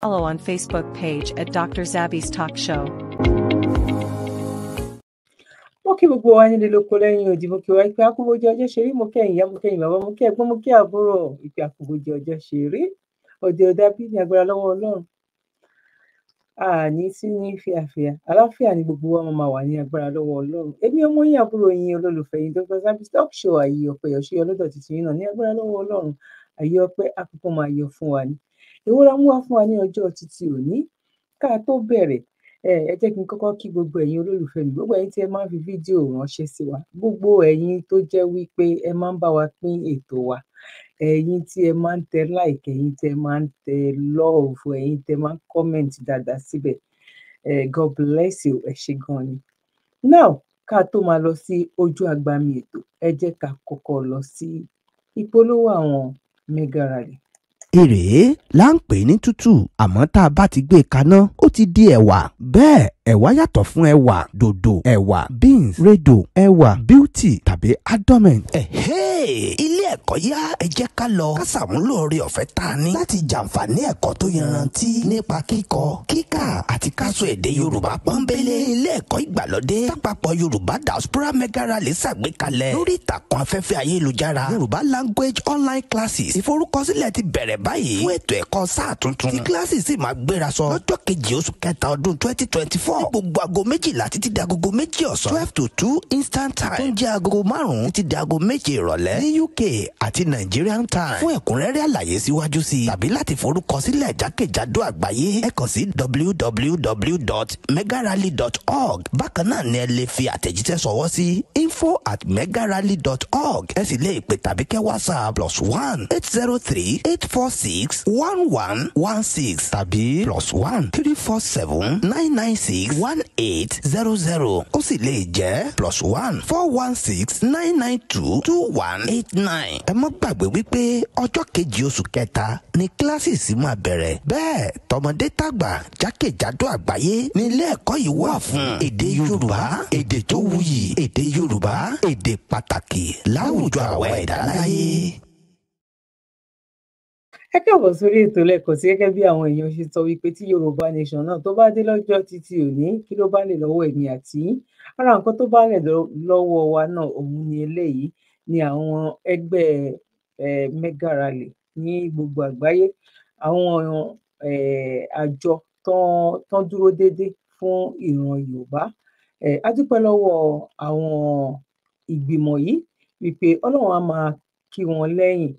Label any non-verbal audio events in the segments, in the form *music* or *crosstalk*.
Follow on Facebook page at Dr. Zabby's Talk Show. wọ́n kí gbogbo wa nílé lóko lẹ́yìn òdì mo kí wa ìpè akúbójú ọjọ́ ṣeré mo kẹ́ ìyá mo kẹ́ ìbàbá mo kẹ́ ẹ̀gbọ́n mo kẹ́ àbúrò ìpè akúbójú ọjọ́ ṣeré òde ọ̀dà bí ní agbára lọ́wọ́ ọlọ́run àní sí ní fíàfíà aláfíà ni gbogbo wa máa wà ní agbára lọ́wọ́ ọlọ́run èmi ọmọ yín àbúrò yín olólùfẹ́ yín Dr. Zabby's Talk Show iyo ọ̀pẹ̀ ọ̀ṣẹ́ ọlọ́dọ̀ tuntun yín náà ní agbára lọ́wọ́ ọlọ́run àyè ọpẹ́ àkókò máa yọ fún ni èwo la mú wá fún wa ní ọjọ́ títí òní ká tó bẹ̀rẹ̀ ẹ jẹ́ kí n kọ́kọ́ kí gbogbo ẹ̀yin olólùfẹ́ mi gbogbo ẹ̀yin tí ẹ máa ń fi fídíò ránṣẹ́ sí wa gbogbo ẹ̀yin tó jẹ́ wípé ẹ máa ń bá wa pín ètò wa ẹ̀yin tí ẹ máa ń tẹ like ẹ̀yin tí ẹ máa ń tẹ love ẹ̀yin tí ẹ máa ń comment dáadáa síbẹ̀ God bless you ẹ ṣe gan ni. now ká tó máa lọ sí ojú agbami ètò ẹ jẹ́ ká kọ́kọ́ lọ sí ìpolówó àwọn mega rally èrè là ń pè ní tútù àmọ́ tá a bá ti gbé e kaná ó ti di ẹ̀wà bẹ́ẹ̀ ẹ̀wà yàtọ̀ fún ẹ̀wà dòdò ẹ̀wà beans redo ẹ̀wà beauty tàbí adornment. hey ẹ̀kọ́ yá ẹ jẹ́ ká lọ ká ṣàmúlò oore ọ̀fẹ́ tá a ní láti jàǹfààní ẹ̀kọ́ tó yanrantí nípa kíkọ kíkà àti káṣọ èdè Yorùbá pọ́nbélé ilé ẹ̀kọ́ ìgbàlódé tápapọ̀ Yorùbá diaspora mega rally ṣàgbékalẹ̀ lórí ìtàkùn afẹ́fẹ́ ayélujára Yorùbá language online classes ìforúkọsílẹ̀ ti bẹ̀rẹ̀ báyìí fún ètò ẹ̀kọ́ sáà tuntun tí kíláàsì sì máa gbéra sọ lọ́jọ́ kejì oṣù kẹta ọdún twenty twenty four ní gbogbo aago méjìlá títí di agogo méjì ọ̀sán twelve to two instant time tó ń jẹ́ agogo márùn-ún títí di agogo méje ìrọ̀lẹ́ ní UK àti Nigerian Time fún ẹ̀kúnrẹ́rẹ́ àlàyé síwájú sí i tàbí láti forúkọsílẹ̀ jákèjádò àgbáyé ẹ kàn sí www.megarally.org bákan náà ni ẹ lè fi àtẹ̀jíṣẹ́ sọ̀wọ́ sí info at megarally.org ẹ sì lè pè tàbí kẹ́ WhatsApp plus one eight zero three eight four six one one one six tàbí plus one three four seven nine nine six one eight zero zero ó sì lè jẹ́ plus one four one six nine nine two two one eight nine nine. ẹ mọ́ gbàgbé wípé ọjọ́ kejì oṣù kẹta ni kíláàsì máa bẹ̀rẹ̀ bẹ́ẹ̀ tọmọdé tàgbà jákèjádò àgbáyé ní ilé ẹ̀kọ́ yìí wà fún hmm. èdè yorùbá èdè tó wuyì èdè yorùbá èdè pàtàkì láwùjọ àwa ẹ̀dá láyé ẹ káàbọ̀ sórí ètò lẹ́kọ̀ọ́ sí gẹ́gẹ́ bí àwọn èèyàn ṣe sọ wípé tí yorùbá nation náà tó bá dé lọ́jọ́ títí òní kí ló bá lè lọ́wọ́ ẹ̀mí àti ara nǹkan tó bá lè lọ́wọ́ wa náà òun ni eléyìí ni àwọn ẹgbẹ́ mega rally ní gbogbo àgbáyé àwọn àjọ tán dúró déédéé fún ìran yorùbá a dúpẹ́ lọ́wọ́ àwọn ìgbìmọ̀ yìí wípé ọlọ́run á máa kí wọn lẹ́yìn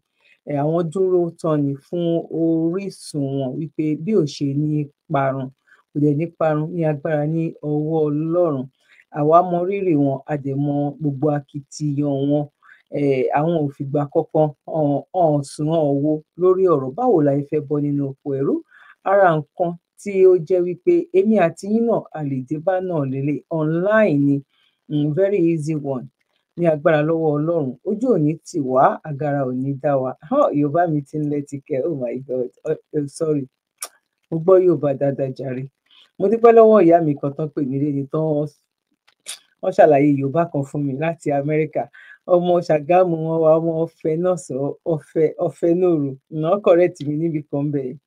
àwọn dúró tán ni fún orísun wọn wípé bí ò ṣe ní parun kò dẹ̀ ní parun ní agbára ní ọwọ́ ọlọ́run àwa mọ rírì wọn a dẹ̀ mọ gbogbo akitiyan wọn àwọn ò fìgbà kankan hàn sùn hàn owó lórí ọ̀rọ̀ báwo la fẹ́ bọ́ nínú oko ẹ̀rú ara nǹkan tí ó jẹ́ wípé èmi àti yín náà a lè dé bá náà lélẹ̀ online ni um very easy one ní agbára lọ́wọ́ ọlọ́run ojú òní tì wá agara òní dá wa yorùbá mi ti ń lẹ́tí kẹ́ oh my god oh, sorry mo gbọ́ yorùbá dáadáa jàre mo dúpẹ́ lọ́wọ́ ìyá mi kan tán pè mí lẹ́ni tán wọ́n ṣàlàyé yorùbá kan fún mi láti amẹ́ríkà ọmọ ṣàgámù wọn wà ọmọ ọfẹ náà sọ ọfẹ ọfẹ nóòrò ìnáwó kọrẹtì mi níbi kan bẹ́ẹ̀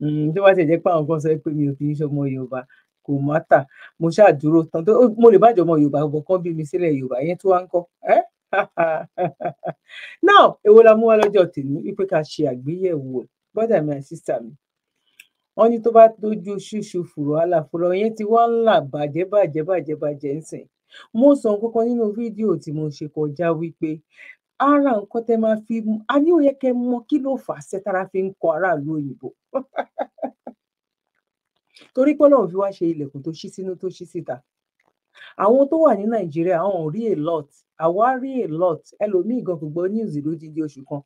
hmm, tó bá ti jẹ́ pé àwọn kan sọ pé mi ò kì í ṣe ọmọ yorùbá kò mátà mo ṣáà dúró tán tó mo lè bàjẹ́ ọmọ yorùbá ọ̀bọ̀ kan bí mi sílẹ̀ yorùbá yẹn tó wá ń kọ́ ẹ́ *laughs* now èwo la mú wá lọ́jọ́ tèmi wípé ká ṣe àgbéyẹ̀wò brother mi and sister mi wọ́n ní tó bá dojú ṣíṣu fùrọ̀ àlàfùrọ̀ yẹn ti wá ń bàjẹ́ bàjẹ́ bàjẹ́ bàjẹ́ ń mo sọ nǹkan kan nínú fídíò tí mo ṣe kọjá wípé ara nǹkan tẹ máa fi a ní òye kẹ mọ kí ló fà á sẹtara fi ń kọ aráàlú òyìnbó *laughs* torí pé Ọlọ́run fi wá ṣe ilẹ̀kùn tó ṣí sínú tó ṣí síta àwọn tó wà ní Nàìjíríà àwọn ò rí a lot àwa rí a lot ẹlòmíì gan kò gbọ́ news lódidi oṣù kan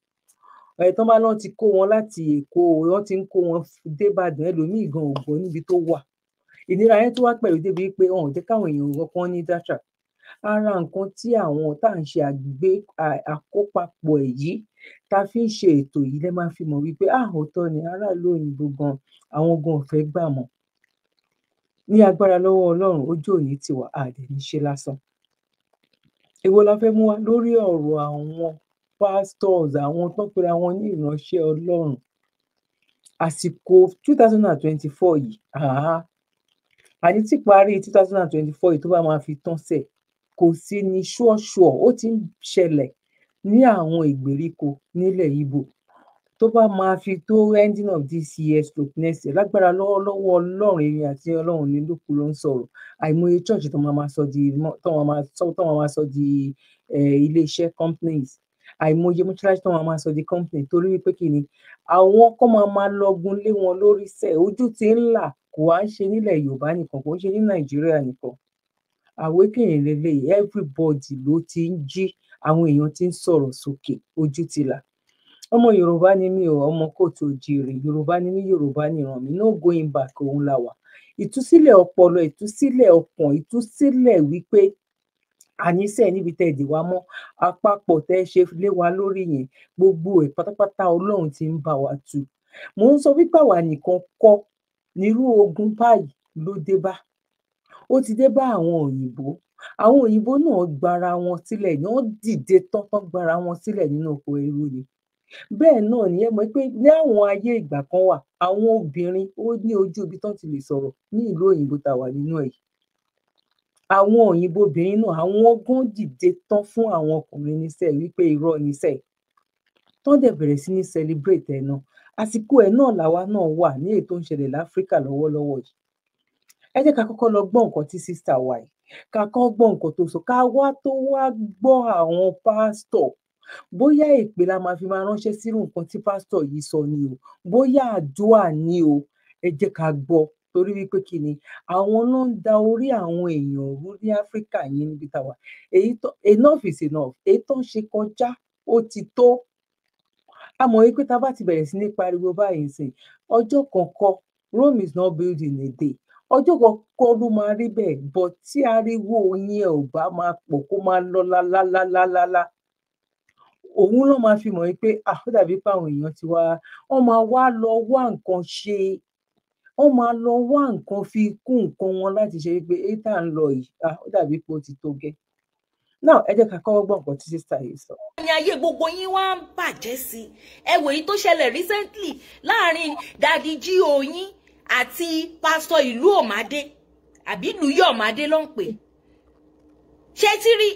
ẹ tán bá lọ ti kó wọn láti Èkó wọn ti ń kó wọn débàdàn ẹlòmíì gan ò gbọ́ níbi tó wà ìnira yẹn tó wá pẹ̀lú débi pé ọ̀hún jẹ́ káwọn èèyàn kankan ní dátà ara nǹkan tí àwọn tá à ń ṣe àgbé àkópapọ̀ èyí tá a fi ń ṣe ètò yìí lẹ́ máa fi mọ̀ wípé àhòótọ́ ni aráàlú òyìnbó gan àwọn gan ọ̀fẹ́ gbà mọ́ ní agbára lọ́wọ́ ọlọ́run ojú òní ti wà àdẹ̀ ní ṣe lásán èwo la fẹ́ mú wa lórí ọ̀rọ̀ àwọn pastors àwọn tó ń pera wọn ní ìránṣẹ́ ọlọ́run àsìkò two thousand and twenty-four yìí àní tí parí two thousand and twenty-four yìí tó bá máa fi tán sẹ̀ kò sí ní ṣọ́ọ̀ṣọ́ ó ti ń ṣẹlẹ̀ ní àwọn ìgbèríko nílẹ̀ Ìgbò tó bá máa fi tó ending of this year stroke next year lágbára lọ́wọ́lọ́wọ́ Ọlọ́run èmi àti Ọlọ́run ní lóko ló ń sọ̀rọ̀ àìmọye church tó máa sọ di tó máa sọ di iléeṣẹ́ companies àìmọye mọ́ṣáláṣí tó máa sọ di company torí wípé kí ni àwọn kọ́ máa máa lọ́gun lé wọn lórí sẹ́ẹ̀ ojú ti ń là kò wá ṣe nílẹ̀ yorùbá nìkan kò ń ṣe ní nàìjíríà nìkan àwékèrè lélẹyìí everybody ló ti ń jí àwọn èèyàn ti ń sọ̀rọ̀ sókè ojú ti là ọmọ yorùbá ni mí o ọmọ kóòtù òjìrè yorùbá ni mí yorùbá nìran mi no going back òun la wà ìtúsílẹ̀ ọpọlọ ìtúsílẹ̀ ọkàn ìtúsílẹ̀ wípé àníṣe níbi tẹ́ ẹ dì wá mọ́ àpapọ̀ tẹ́ ẹ ṣe lé wa lórí yẹn gbogbo ẹ̀ pátápátá ọlọ́run ti ń bá wa tu mò ń sọ wípé àwa nìkan kọ́ nírú ogun báyìí ló dé bá ó ti dé bá àwọn òyìnbó àwọn òyìnbó náà gbara wọn sílẹ̀ ni wọ́n dìde tọ́tọ́ gbara wọn sílẹ̀ nínú oko ẹrú ni bẹ́ẹ̀ náà ni ẹ mọ̀ pé ní àwọn ayé ìgbà kan wà àwọn obìnrin ó ní ojú ibi tán ti lè sọ̀rọ̀ ní ìlú òyìnbó tá a wà nínú ẹ̀ yìí àwọn òyìnbó obìnrin náà àwọn gan dìde tán fún àwọn ọkùnrin níṣẹ́ wípé irọ́ níṣẹ́ tán dẹ̀ bẹ̀rẹ̀ sí ní celebrate ẹ̀ náà àsìkò ẹ̀ náà làwa náà wà ní èyí tó ń ṣẹlẹ̀ láfíríkà lọ́wọ́lọ́wọ́ yìí ẹ jẹ́ ká kọ́kọ́ lọ gbọ́ nǹkan tí sísítà wa yìí ká kọ́ gbọ́ nǹkan tó sọ ká wá tó wá gbọ́ àwọn pásítọ̀ bóyá èpè la máa fi máa ránṣẹ́ sírú nǹkan tí pásítọ̀ yìí sọ ni o bóyá àdúrà ni o ẹ jẹ́ ká gbọ́ torí wípé kí ni àwọn ló ń da orí àwọn èèyàn rú ní áfíríkà yìí níbi táwa èyí tó enough is enough èyí tó ń ṣe kọjá ó ti tó a mọ̀ wípé tá a bá ti bẹ̀rẹ̀ sí ní pariwo báyìí sìn ọjọ́ kan Rome is not built in a day ọjọ́ kan kọ́ ló máa rí bẹ́ẹ̀ bọ́ tí ariwo yẹn ò bá máa pọ̀ kó máa lọ lálálálálá òun ló máa fi mọ̀ wípé ah ó dàbí pé àwọn èèyàn ti wá wọ́n máa wá lọ wá nǹkan ṣe wọ́n máa lọ wá nǹkan fi kún nǹkan wọn láti ṣe wípé èyí ń lọ yìí ah dàbí pé ti tó gẹ́ náà ẹ jẹ́ ká kọ́kọ́ gbọ́ nǹkan tí sísá yìí sọ. ní ayé gbogbo yín wá ń bàjẹ́ sí i ẹ wò èyí tó ṣẹlẹ̀ recently láàrin dadi jí oyin àti pásítọ̀ ìlú òmàdé àbí lùyí òmàdé ló ń pè ṣé tí rí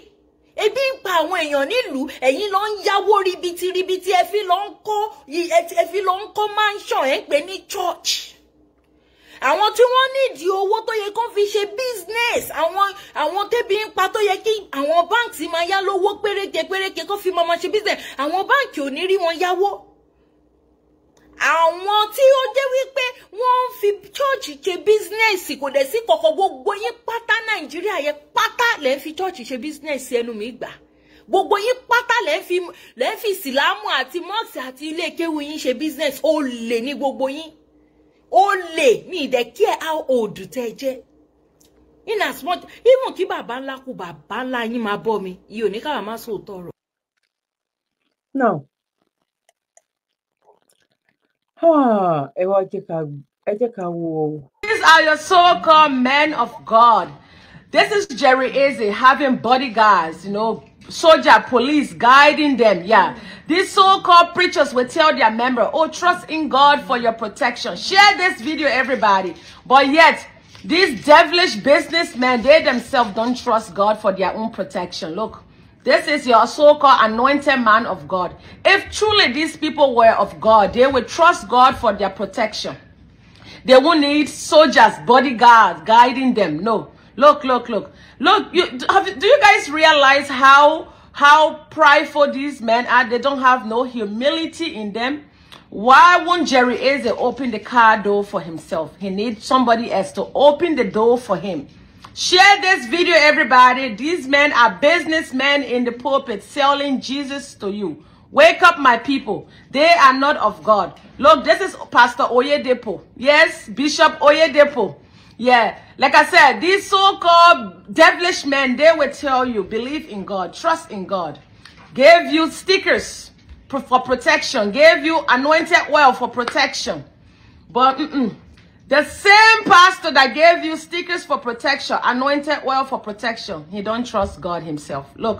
ebi ń pa àwọn èèyàn nílùú ẹ̀yin ló ń yáwó ribiti ribiti ẹ fi ló ń kọ́ mansion ẹ̀ ń pè ní church àwọn tí wọ́n nídìí owó tó yẹ kó fi ṣe business àwọn àwọn tẹ́bi ń pa tó yẹ kí àwọn báǹkì máa yá lówó péréke péréke kó fi máa máa ṣe business àwọn báǹkì ò ní rí wọn yáwó àwọn tí ó jẹ́ wípé wọ́n ń fi chọ́ọ̀chì ṣe bísínẹ́sì kò dẹ̀ sí kọ̀kọ́ gbogbo yín pátá nàìjíríà yẹn pátá lẹ́ ń fi chọ́ọ̀chì ṣe bísínẹ́sì ẹnu mi gbà gbogbo yín pátá lẹ́ ń fi lẹ́ ń fi ìsìlámù àti mọ́ọ̀sì àti ilé kéwu yín ṣe bísínẹ́sì ó lè ní gbogbo yín olè mi in as much kí kú yín bọ́ mi ní má no ah, ká wo. these are your so-called men of God. This is Jerry Izzy having bodyguards, you know, soldier, police guiding them. Yeah. These so-called preachers will tell their member, oh, trust in God for your protection. Share this video, everybody. But yet, these devilish businessmen, they themselves don't trust God for their own protection. Look, this is your so-called anointed man of God. If truly these people were of God, they would trust God for their protection. They won't need soldiers, bodyguards guiding them. No. Look, look, look. Look, you, have, do you guys realize how how prideful these men are? They don't have no humility in them. Why won't Jerry Eze open the car door for himself? He needs somebody else to open the door for him. Share this video, everybody. These men are businessmen in the pulpit selling Jesus to you. Wake up, my people. They are not of God. Look, this is Pastor Oyedepo. Yes, Bishop Oyedepo. Yeah, like I said, these so-called devilish men, they will tell you, believe in God, trust in God. Gave you stickers for protection. Gave you anointed oil for protection. But mm -mm. the same pastor that gave you stickers for protection, anointed oil for protection, he don't trust God himself. Look,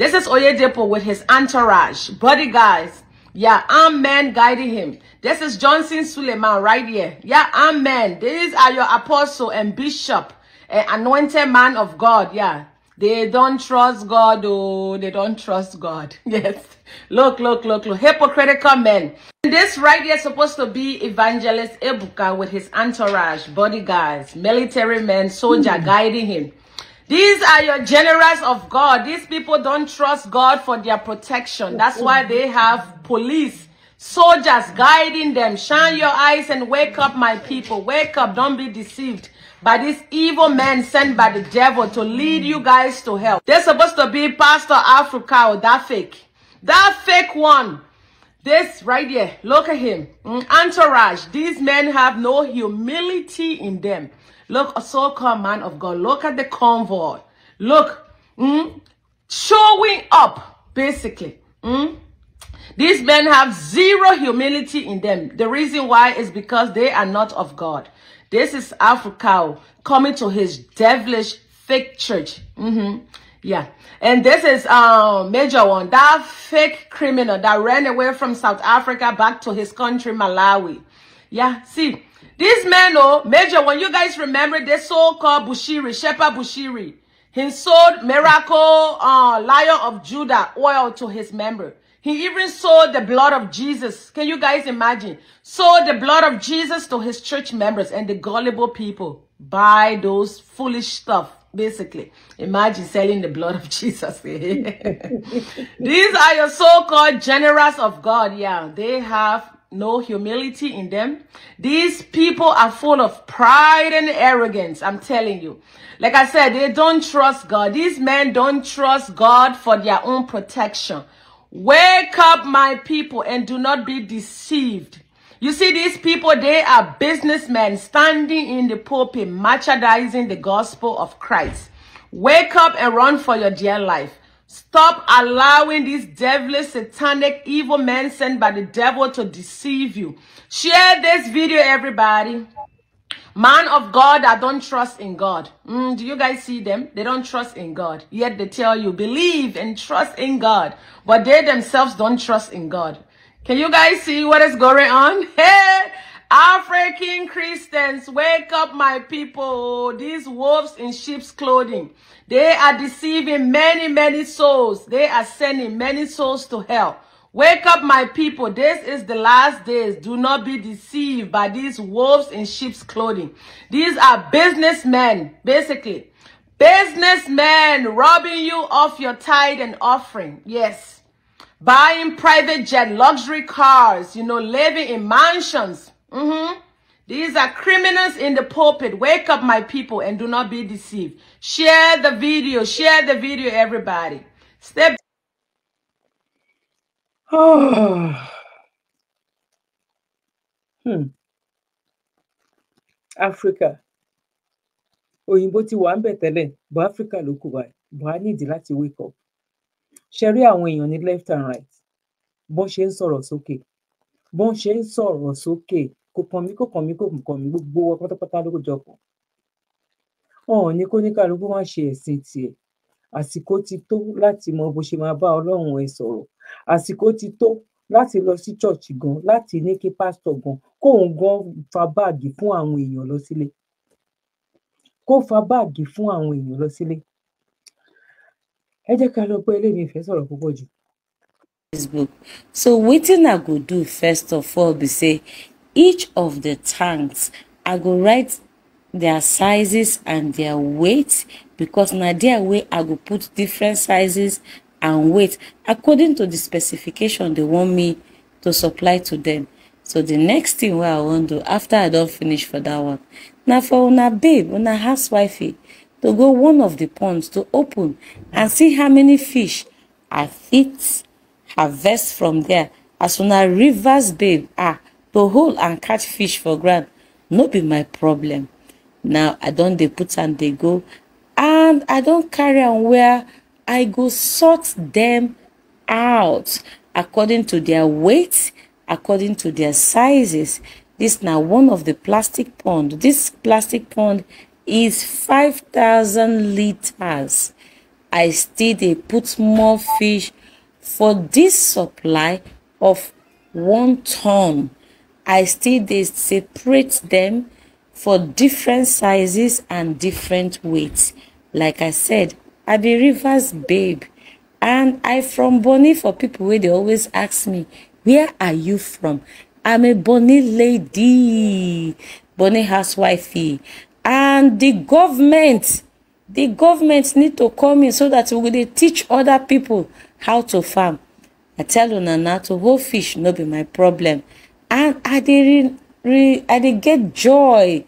this is Oyedepo with his entourage, bodyguards, yeah, amen, guiding him. This is Johnson Suleiman right here. Yeah, amen. These are your apostle and bishop, and eh, anointed man of God. Yeah, they don't trust God. Oh, they don't trust God. *laughs* Yes. Look, look, look, look. Hypocritical men. This right here is supposed to be evangelist Ebuka with his entourage, bodyguards, military men, soldier mm. guiding him. These are your generals of God. These people don't trust God for their protection. That's why they have police, soldiers guiding them. Shine your eyes and wake up, my people. Wake up. Don't be deceived by this evil man sent by the devil to lead you guys to hell. They're supposed to be Pastor Africa or oh, that fake. That fake one. This right here. Look at him. Mm, entourage. These men have no humility in them. Look, a so-called man of God. Look at the convoy. Look, mm, showing up, basically. Mm. These men have zero humility in them. The reason why is because they are not of God. This is Africa coming to his devilish fake church. Mm -hmm. Yeah. And this is a um, major one. That fake criminal that ran away from South Africa back to his country, Malawi. Yeah. See, these men, oh, Major, when you guys remember this so-called Bushiri, Shepherd Bushiri, he sold miracle uh, Lion of Judah oil to his member. He even sold the blood of Jesus. Can you guys imagine? Sold the blood of Jesus to his church members and the gullible people buy those foolish stuff, basically. Imagine selling the blood of *laughs* Jesus. *laughs* These are your so-called generous of God. Yeah, they have no humility in them. These people are full of pride and arrogance, I'm telling you. Like I said, they don't trust God. These men don't trust God for their own protection. Wake up, my people, and do not be deceived. You see, these people, they are businessmen standing in the pulpit, merchandising the gospel of Christ. Wake up and run for your dear life. Stop allowing these devilish, satanic, evil men sent by the devil to deceive you. Share this video, everybody. Man of God I don't trust in God. Mm, do you guys see them? They don't trust in God. Yet they tell you, believe and trust in God. But they themselves don't trust in God. Can you guys see what is going on? *laughs* Hey! African Christians, wake up my people. These wolves in sheep's clothing, they are deceiving many, many souls. They are sending many souls to hell. Wake up my people. This is the last days. Do not be deceived by these wolves in sheep's clothing. These are businessmen, basically. Businessmen robbing you of your tithe and offering. Yes. Buying private jet, luxury cars, you know, living in mansions Mm-hmm. These are criminals in the pulpit. Wake up, my people, and do not be deceived. Share the video. Share the video, everybody. Step. Oh. *sighs* Hmm. Africa. Òyìnbó ti wà ń bẹ̀ but Africa look kù báyìí. Buhari need to wake up. Sherry and àwọn you need left and right. Bọ́n she ń sọ̀rọ̀ sókè. Okay bó ń ṣe ń sọ̀rọ̀ sókè kò kàn mí kò kàn mí kò kàn mí gbogbo wọn pátápátá ló jọ pọ̀ ọ̀hún ni kó ní kálukú má ṣe ẹ̀sìn tiẹ̀ àsìkò ti tó láti mọ bó ṣe máa bá ọlọ́run ẹ sọ̀rọ̀ àsìkò ti tó láti lọ sí church gan láti ní kí pásítọ̀ gan kóun gan fa báàgì fún àwọn èèyàn lọ sílé kó fa báàgì fún àwọn èèyàn lọ sílé ẹ jẹ́ ká lọ gbọ́ eléyìí ìfẹ́ sọ̀rọ̀ púpọ̀ jù facebook so wetin i go do first of all be say each of the tanks i go write their sizes and their weight because na there wey i go put different sizes and weight according to the specification they want me to supply to them so the next thing wey i wan do after i don finish for that one na for una babe una housewifey to go one of the ponds to open and see how many fish i fit harvest from there as soon as rivers babe ah to hold and catch fish for ground no be my problem now i don't they put and they go and i don't carry am where i go sort them out according to their weight according to their sizes this now one of the plastic pond this plastic pond is 5000 liters i still they put more fish for this supply of one ton i still dey separate them for different sizes and different weights like i said i be rivers babe and i from bonny for people wey dey always ask me where are you from i'm a bonny lady bonny housewife, and the government the government need to come in so that we dey teach other people how to farm i tell una na to hold fish no be my problem and i they re re i dey get joy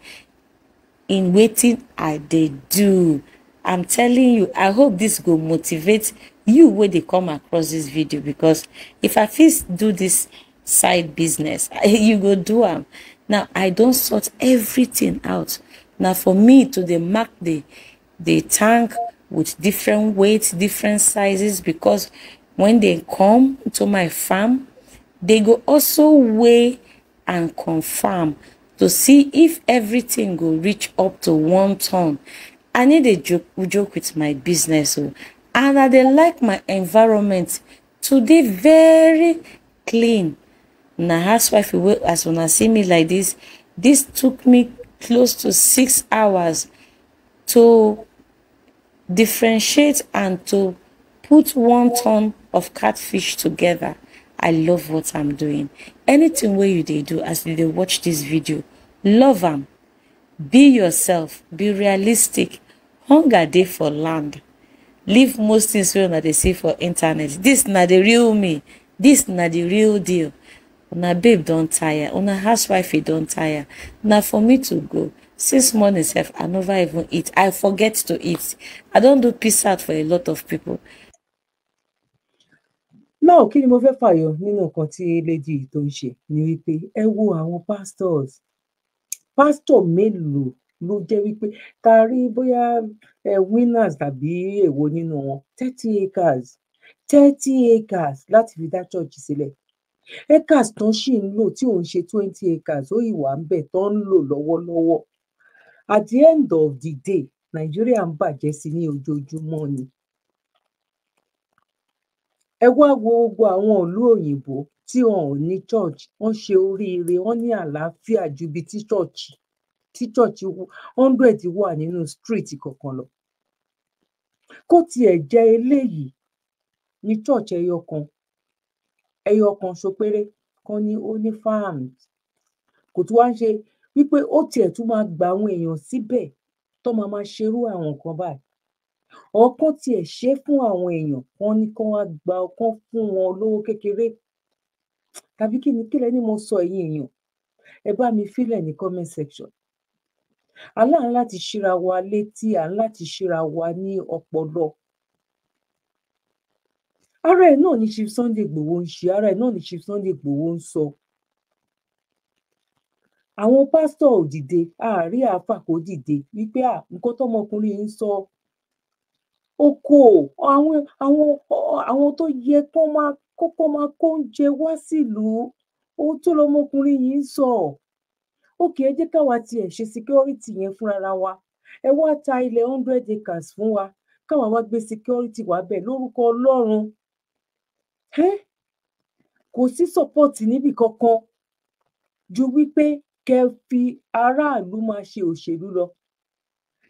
in waiting. i they do i'm telling you i hope this go motivate you when they come across this video because if i fit do this side business *laughs* you go do them. now i don't sort everything out Now for me to the mark the the tank with different weights, different sizes, because when they come to my farm, they go also weigh and confirm to see if everything will reach up to one ton. I need a joke, joke with my business. So, oh. and I dey like my environment to be very clean. Na housewife wey as I see me like this, this took me close to six hours to differentiate and to put one ton of catfish together i love what i'm doing anything where you dey do as you dey watch this video love am be yourself be realistic hunger day for land leave most things where they see for internet This na the real me This na the real deal una babe don't tire una housewife don't tire Now for me to go since morning self, i never even eat i forget to eat i don do peace out for a lot of people. náà kí ni mo fẹ́ fàyọ nínú nǹkan tí lady tó ń ṣe ni wípé ẹ wo àwọn pastors pastor mélòó ló jẹ́ wípé ta rí bóyá ẹ winners tàbí èwo nínú wọn thirty acres thirty acres láti fi dá church sílẹ̀ acres tán ṣì ń lò tí òun ṣe twenty acres ó ìwà ń bẹ tán ń lò lọ́wọ́lọ́wọ́ at the end of the day nàìjíríà ń bàjẹ́ sí ní ojoojúmọ́ ni ẹ wá wo gbogbo àwọn ìlú òyìnbó tí wọn ò ní church wọn ṣe oríire wọn ní àlàáfíà ju ibi tí church tí church hundred wà nínú street kọ̀ọ̀kan lọ kó tiẹ̀ jẹ́ eléyìí ní church ẹyọ kan ẹyọ kan ṣopéré kan ní ó kò tún wá ń ṣe wípé ó tiẹ̀ tún máa gba àwọn èèyàn síbẹ̀ tó máa máa ṣerú àwọn nǹkan báyìí ọkàn tiẹ̀ ṣe fún àwọn èèyàn kan ní kán wá gba ọkàn fún wọn lówó kékeré tàbí kí ni kílẹ̀ ni mo sọ ẹ̀yin èèyàn ẹ bá mi fílẹ̀ ní comment section aláà ń láti ṣíra wa létí à ń láti ṣíra wa ní ọpọlọ ara ẹ̀ náà ni Chief Sunday Igboho ń ṣe ara ẹ̀ náà ni Chief Sunday Igboho ń sọ àwọn pásítọ̀ ò dìde àárí àáfà kò dìde wípé à nǹkan tọmọkùnrin yìí ń sọ oko àwọn àwọn àwọn tó yẹ kó máa kókó máa kó oúnjẹ wá sílùú ohun tó lọmọkùnrin yìí ń sọ òkè ẹ jẹ́ káwa tiẹ̀ ṣe síkírọ́rìtì yẹn fúnra wa ẹ wá ta ilẹ̀ hundred acres fún wa káwa wá gbé síkírọ́rìtì wá bẹ̀ lórúkọ Ọlọ́run kò sí sọ́pọ́ọ̀tì níbì kankan ju wípé kẹ fi aráàlú máa ṣe òṣèlú lọ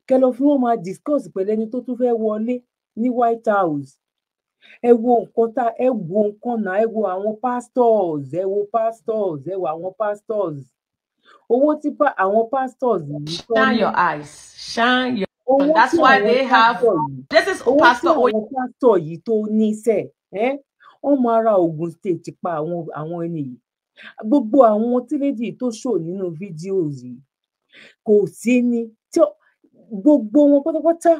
kẹ lọ fi wọn máa discuss pẹ̀lú ẹni tó tún fẹ́ wọlé ní White House ẹ wo nǹkan tá ẹ wo nǹkan náà ẹ wo àwọn pastors ẹ wo pastors ẹ wo àwọn pastors owó tí àwọn pastors yìí. shine your eyes shine your eyes that's why they have this is pastor oyin. owó tí àwọn pastor yìí tó ní sẹ́ẹ̀ wọ́n máa ra Ogun State pa àwọn ẹni yìí gbogbo àwọn tílédì tó ṣò nínú fídíò yìí kò sí ní tí gbogbo wọn pátápátá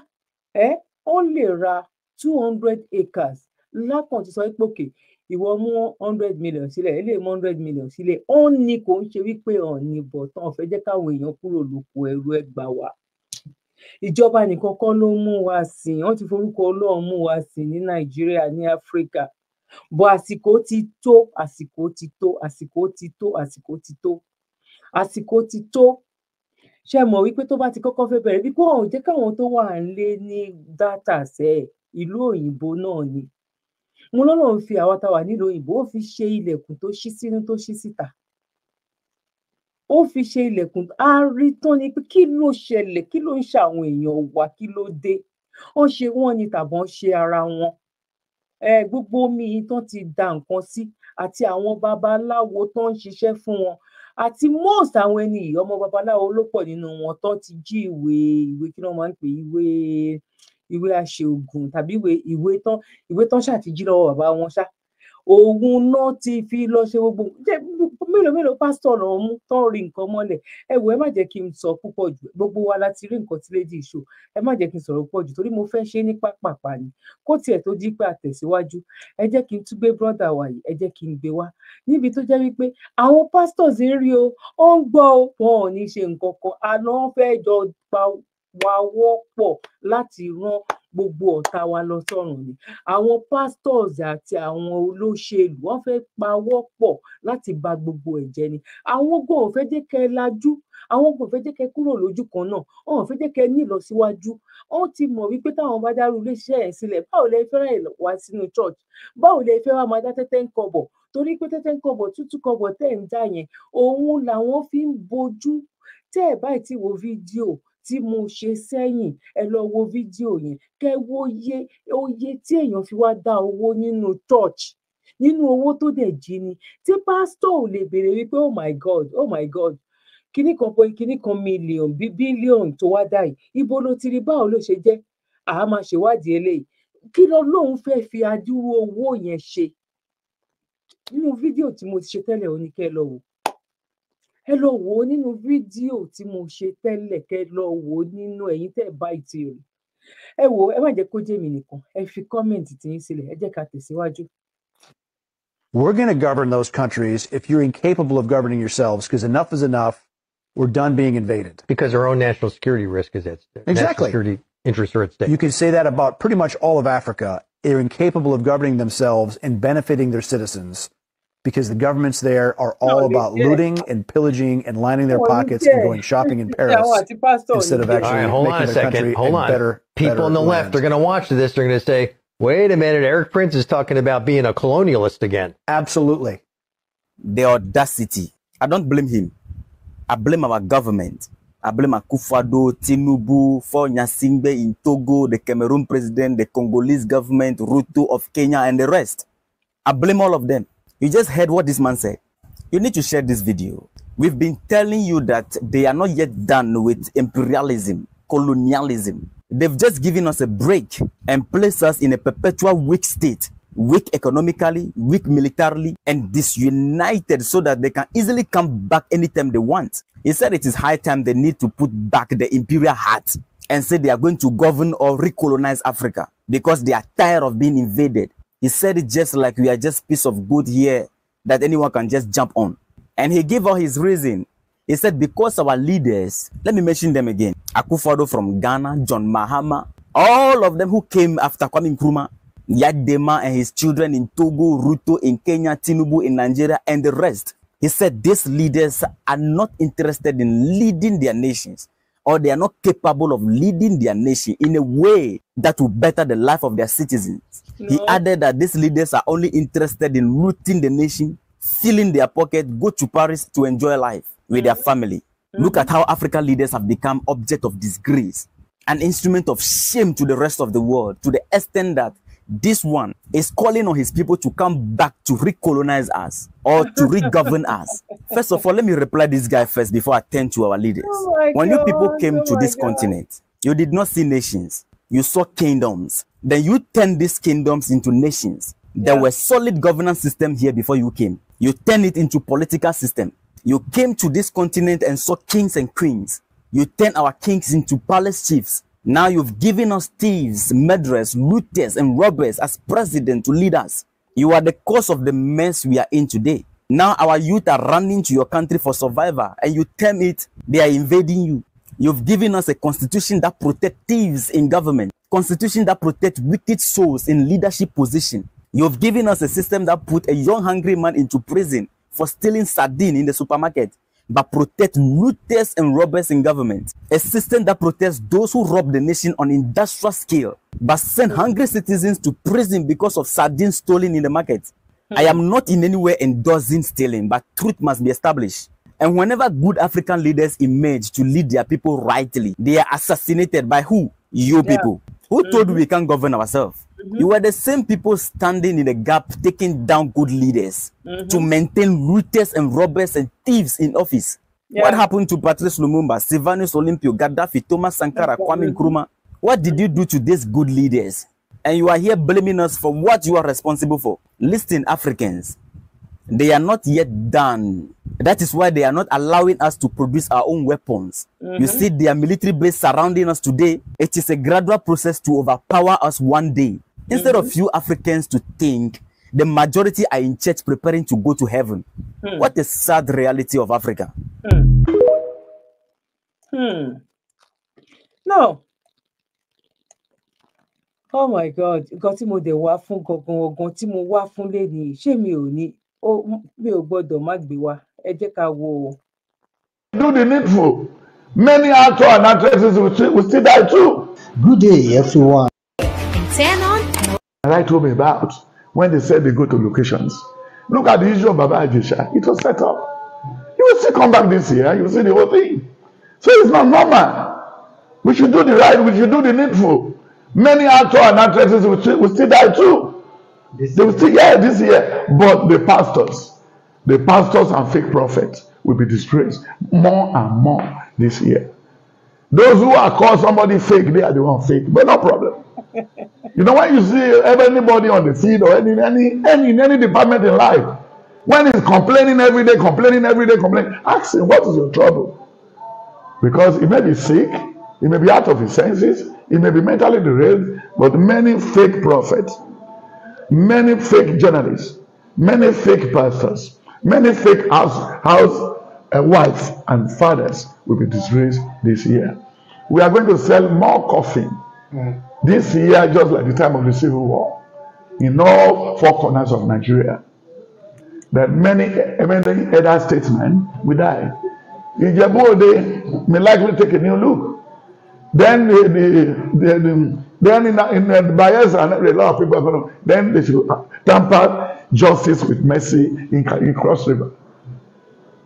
ẹ ó lè ra two hundred acres lákàn ti sọ pé òkè ìwọ mú hundred million sílẹ̀ ilé mú hundred million sílẹ̀ ó ní kò ń ṣe wípé ọ̀ọ́ni bọ̀ tán ọ̀fẹ́ jẹ́ káwọn èèyàn kúrò lóko ẹrú ẹgbà wa ìjọba nìkan kọ́ ló mú wa sìn wọ́n ti forúkọ ọlọ́run mú wa sìn ní nàìjíríà ní áfíríkà bọ àsìkò ti tó àsìkò ti tó àsìkò ti tó àsìkò ti tó àsìkò ti tó ṣe mọ̀ wípé tó bá ti kọ́kọ́ fẹ́ bẹ̀rẹ̀ wípé ọ̀hún jẹ́ káwọn tó wà nílé ní dátà sẹ́ ìlú òyìnbó náà ni mo lọ́nà ń fi àwa táwa nílùú òyìnbó ó fi ṣe ilẹ̀kùn tó ṣí sínú tó ṣí síta ó fi ṣe ilẹ̀kùn á rí tán ni pé kí ló ṣẹlẹ̀ kí ló ń ṣe àwọn èèyàn wa kí ló dé ó ṣe wọ́n ni tàbọn ṣe ara wọn gbogbo omi yìí tán ti da nǹkan sí àti àwọn babaláwo tó ń ṣiṣẹ́ fún wọn àti most àwọn ẹni yìí ọmọ babaláwo ló pọ̀ nínú wọn tán ti jí ìwé ìwé kí wọ́n máa ń pè ìwé ìwé aṣeògùn tàbí ìwé ìwé tán ìwé tán ṣàtijí lọ́wọ́ bàbá wọn ṣá òun náà ti fi lọ ṣe gbogbo jẹ mélòó mélòó pásítọ̀ náà mú tán rí nǹkan mọ́lẹ̀ ẹ wò ẹ má jẹ́ kí n sọ púpọ̀ jù gbogbo wa láti rí nǹkan tí léjì ìṣó ẹ má jẹ́ kí n sọ̀rọ̀ púpọ̀ jù torí mo fẹ́ ṣe ní pápápá ni kó tiẹ̀ tó jí pé àtẹ̀síwájú ẹ jẹ́ kí n tún gbé brọdà wa yìí ẹ jẹ́ kí n gbé wá níbi tó jẹ́ wípé àwọn pastors ń rí o ó ń gbọ́ o wọn ò ní ṣe nǹkan kan àná fẹ́ jọ pa wa wọ́pọ̀ láti rán gbogbo ọ̀tá wa lọ sọ́run ni àwọn pastors àti àwọn olóṣèlú wọ́n fẹ́ pawọ́ pọ̀ láti ba gbogbo ẹ̀ jẹ́ ni àwọn gan ò fẹ́ jẹ́ kẹ́ ẹ lajú àwọn kò fẹ́ jẹ́ kẹ́ kúrò lójú kan náà wọn ò fẹ́ jẹ́ kẹ́ ní ìlọsíwájú wọn ti mọ̀ wípé táwọn bá dárú iléeṣẹ́ ẹ̀ sílẹ̀ báwo lẹ fẹ́ ráyè wá sínú church báwo lẹ fẹ́ wá máa dá tẹ́tẹ́ ń kọbọ̀ torí pé tẹ́tẹ́ ń kọbọ̀ tútù kọbọ̀ tẹ́ ń dá yẹn òun làwọn fi ń bojú tẹ́ ẹ̀ báyìí ti wo fídíò tí mo ṣe sẹ́yìn ẹ lọ wo fídíò yẹn kẹ́ wo iye oye tí èèyàn fi wá dá owó nínú church nínú owó tó dẹ̀ jí ni tí pásítọ̀ ò lè béèrè wípé oh my god oh my god kíní kan pé kíní kan mílíọ̀n bíi bílíọ̀n tó wá dá yìí ibo ló ti rí báwo ló ṣe jẹ́ àá máa ṣèwádìí eléyìí kí lọ lóun fẹ́ fi adúrú owó yẹn ṣe nínú fídíò tí mo ti ṣe tẹ́lẹ̀ oníkẹ́ lọ wò ẹ lọ wò ó nínú fídíò tí mo ṣe tẹ́lẹ̀ kẹ lọ wò ó nínú ẹ̀yin tẹ́ bá ìtì rẹ̀ ẹ wò ó ẹ má jẹ́ kó jẹ́ mi nìkan ẹ fi kọ́mẹ̀ntì tí yín sílẹ̀ ẹ jẹ́ ká tẹ̀síwájú. We're going to govern those countries if you're incapable of governing yourselves because enough is enough. We're done being invaded. Because our own national security risk is at stake. Exactly. National security interests are at stake. You can say that about pretty much all of Africa. They're incapable of governing themselves and benefiting their citizens because the governments there are all no, about looting and pillaging and lining their no, pockets and going shopping in *laughs* Paris instead of actually right, hold making on a their second. country hold on. better. People better on the left are going to watch this. They're going to say, "Wait a minute, Eric Prince is talking about being a colonialist again." Absolutely. The audacity. I don't blame him. I blame our government. I blame Akufado, Tinubu, Fonya Singbe in Togo, the Cameroon president, the Congolese government, Ruto of Kenya, and the rest. I blame all of them. You just heard what this man said. You need to share this video. We've been telling you that they are not yet done with imperialism, colonialism. They've just given us a break and placed us in a perpetual weak state, weak economically, weak militarily, and disunited so that they can easily come back anytime they want. He said it is high time they need to put back the imperial hat and say they are going to govern or recolonize Africa because they are tired of being invaded. He said it just like we are just piece of good here that anyone can just jump on. And he gave all his reason. He said, because our leaders, let me mention them again, Akufado from Ghana, John Mahama, all of them who came after Kwame Nkrumah, Yadema and his children in Togo, Ruto in Kenya, Tinubu in Nigeria, and the rest. He said these leaders are not interested in leading their nations or they are not capable of leading their nation in a way that will better the life of their citizens. No. He added that these leaders are only interested in looting the nation, filling their pocket, go to Paris to enjoy life with their mm. family. Mm-hmm. Look at how African leaders have become object of disgrace, an instrument of shame to the rest of the world, to the extent that this one is calling on his people to come back to recolonize us or to *laughs* regovern us. First of all, let me reply this guy first before I turn to our leaders. Oh when God, you people came oh to this God. continent, you did not see nations, you saw kingdoms. Then you turned these kingdoms into nations. There were solid governance system here before you came. You turned it into political system. You came to this continent and saw kings and queens. You turned our kings into palace chiefs. Now you've given us thieves, murderers, looters, and robbers as president to lead us. You are the cause of the mess we are in today. Now our youth are running to your country for survival and you term it they are invading you. You've given us a constitution that protects thieves in government, constitution that protects wicked souls in leadership position. You've given us a system that put a young hungry man into prison for stealing sardine in the supermarket, but protect looters and robbers in government. A system that protects those who rob the nation on industrial scale, but send hungry citizens to prison because of sardines stolen in the market. I am not in any way endorsing stealing, but truth must be established. And whenever good African leaders emerge to lead their people rightly, they are assassinated by who? You yeah. people. Who mm-hmm. told we can't govern ourselves? Mm-hmm. You were the same people standing in the gap, taking down good leaders mm-hmm. to maintain looters and robbers and thieves in office. Yeah. What happened to Patrice Lumumba, Sylvanus Olympio, Gaddafi, Thomas Sankara, mm-hmm. Kwame Nkrumah? What did you do to these good leaders? and you are here blaming us for what you are responsible for. Listen, Africans, they are not yet done. That is why they are not allowing us to produce our own weapons. Mm-hmm. You see, their military base surrounding us today, it is a gradual process to overpower us one day. Instead mm-hmm. of you Africans to think the majority are in church preparing to go to heaven. Hmm. What a sad reality of Africa. Hmm. hmm. No, oh my god nǹkan tí mo dẹ̀ wá fún gangan ọ̀gan tí mo wá fún lẹ́nu ṣé mi ò ní mi ò gbọ́dọ̀ má gbé wa ẹ jẹ́ ká wo. do the needful many actors and actresses will still, will still die too. good day everyone. turn on. write home about when they said they go to locations look at the issue of Baba Ajisha it was set up you will see. come back this year you will see the whole thing so it's not normal we should do the right we should do the needful. Many actors and actresses will still, will still die too. they will still, yeah, this year. But the pastors, the pastors and fake prophets will be disgraced more and more this year. Those who are called somebody fake, they are the one fake, but no problem. *laughs* you know, when you see anybody on the field or any, any, any, in any department in life, when he's complaining every day, complaining every day, complaining, ask him, what is your trouble? Because he may be sick, He may be out of his senses, he may be mentally derailed, but many fake prophets, many fake journalists, many fake pastors, many fake house, house uh, wives and fathers will be disgraced this year. We are going to sell more coffin mm. this year, just like the time of the Civil War, in all four corners of Nigeria. That many, many other statesmen will die. Ijebu Ode may likely take a new look Then the the they, they then in, in, in Bayelsa and a lot of people are then they should tamper justice with mercy in, in Cross River.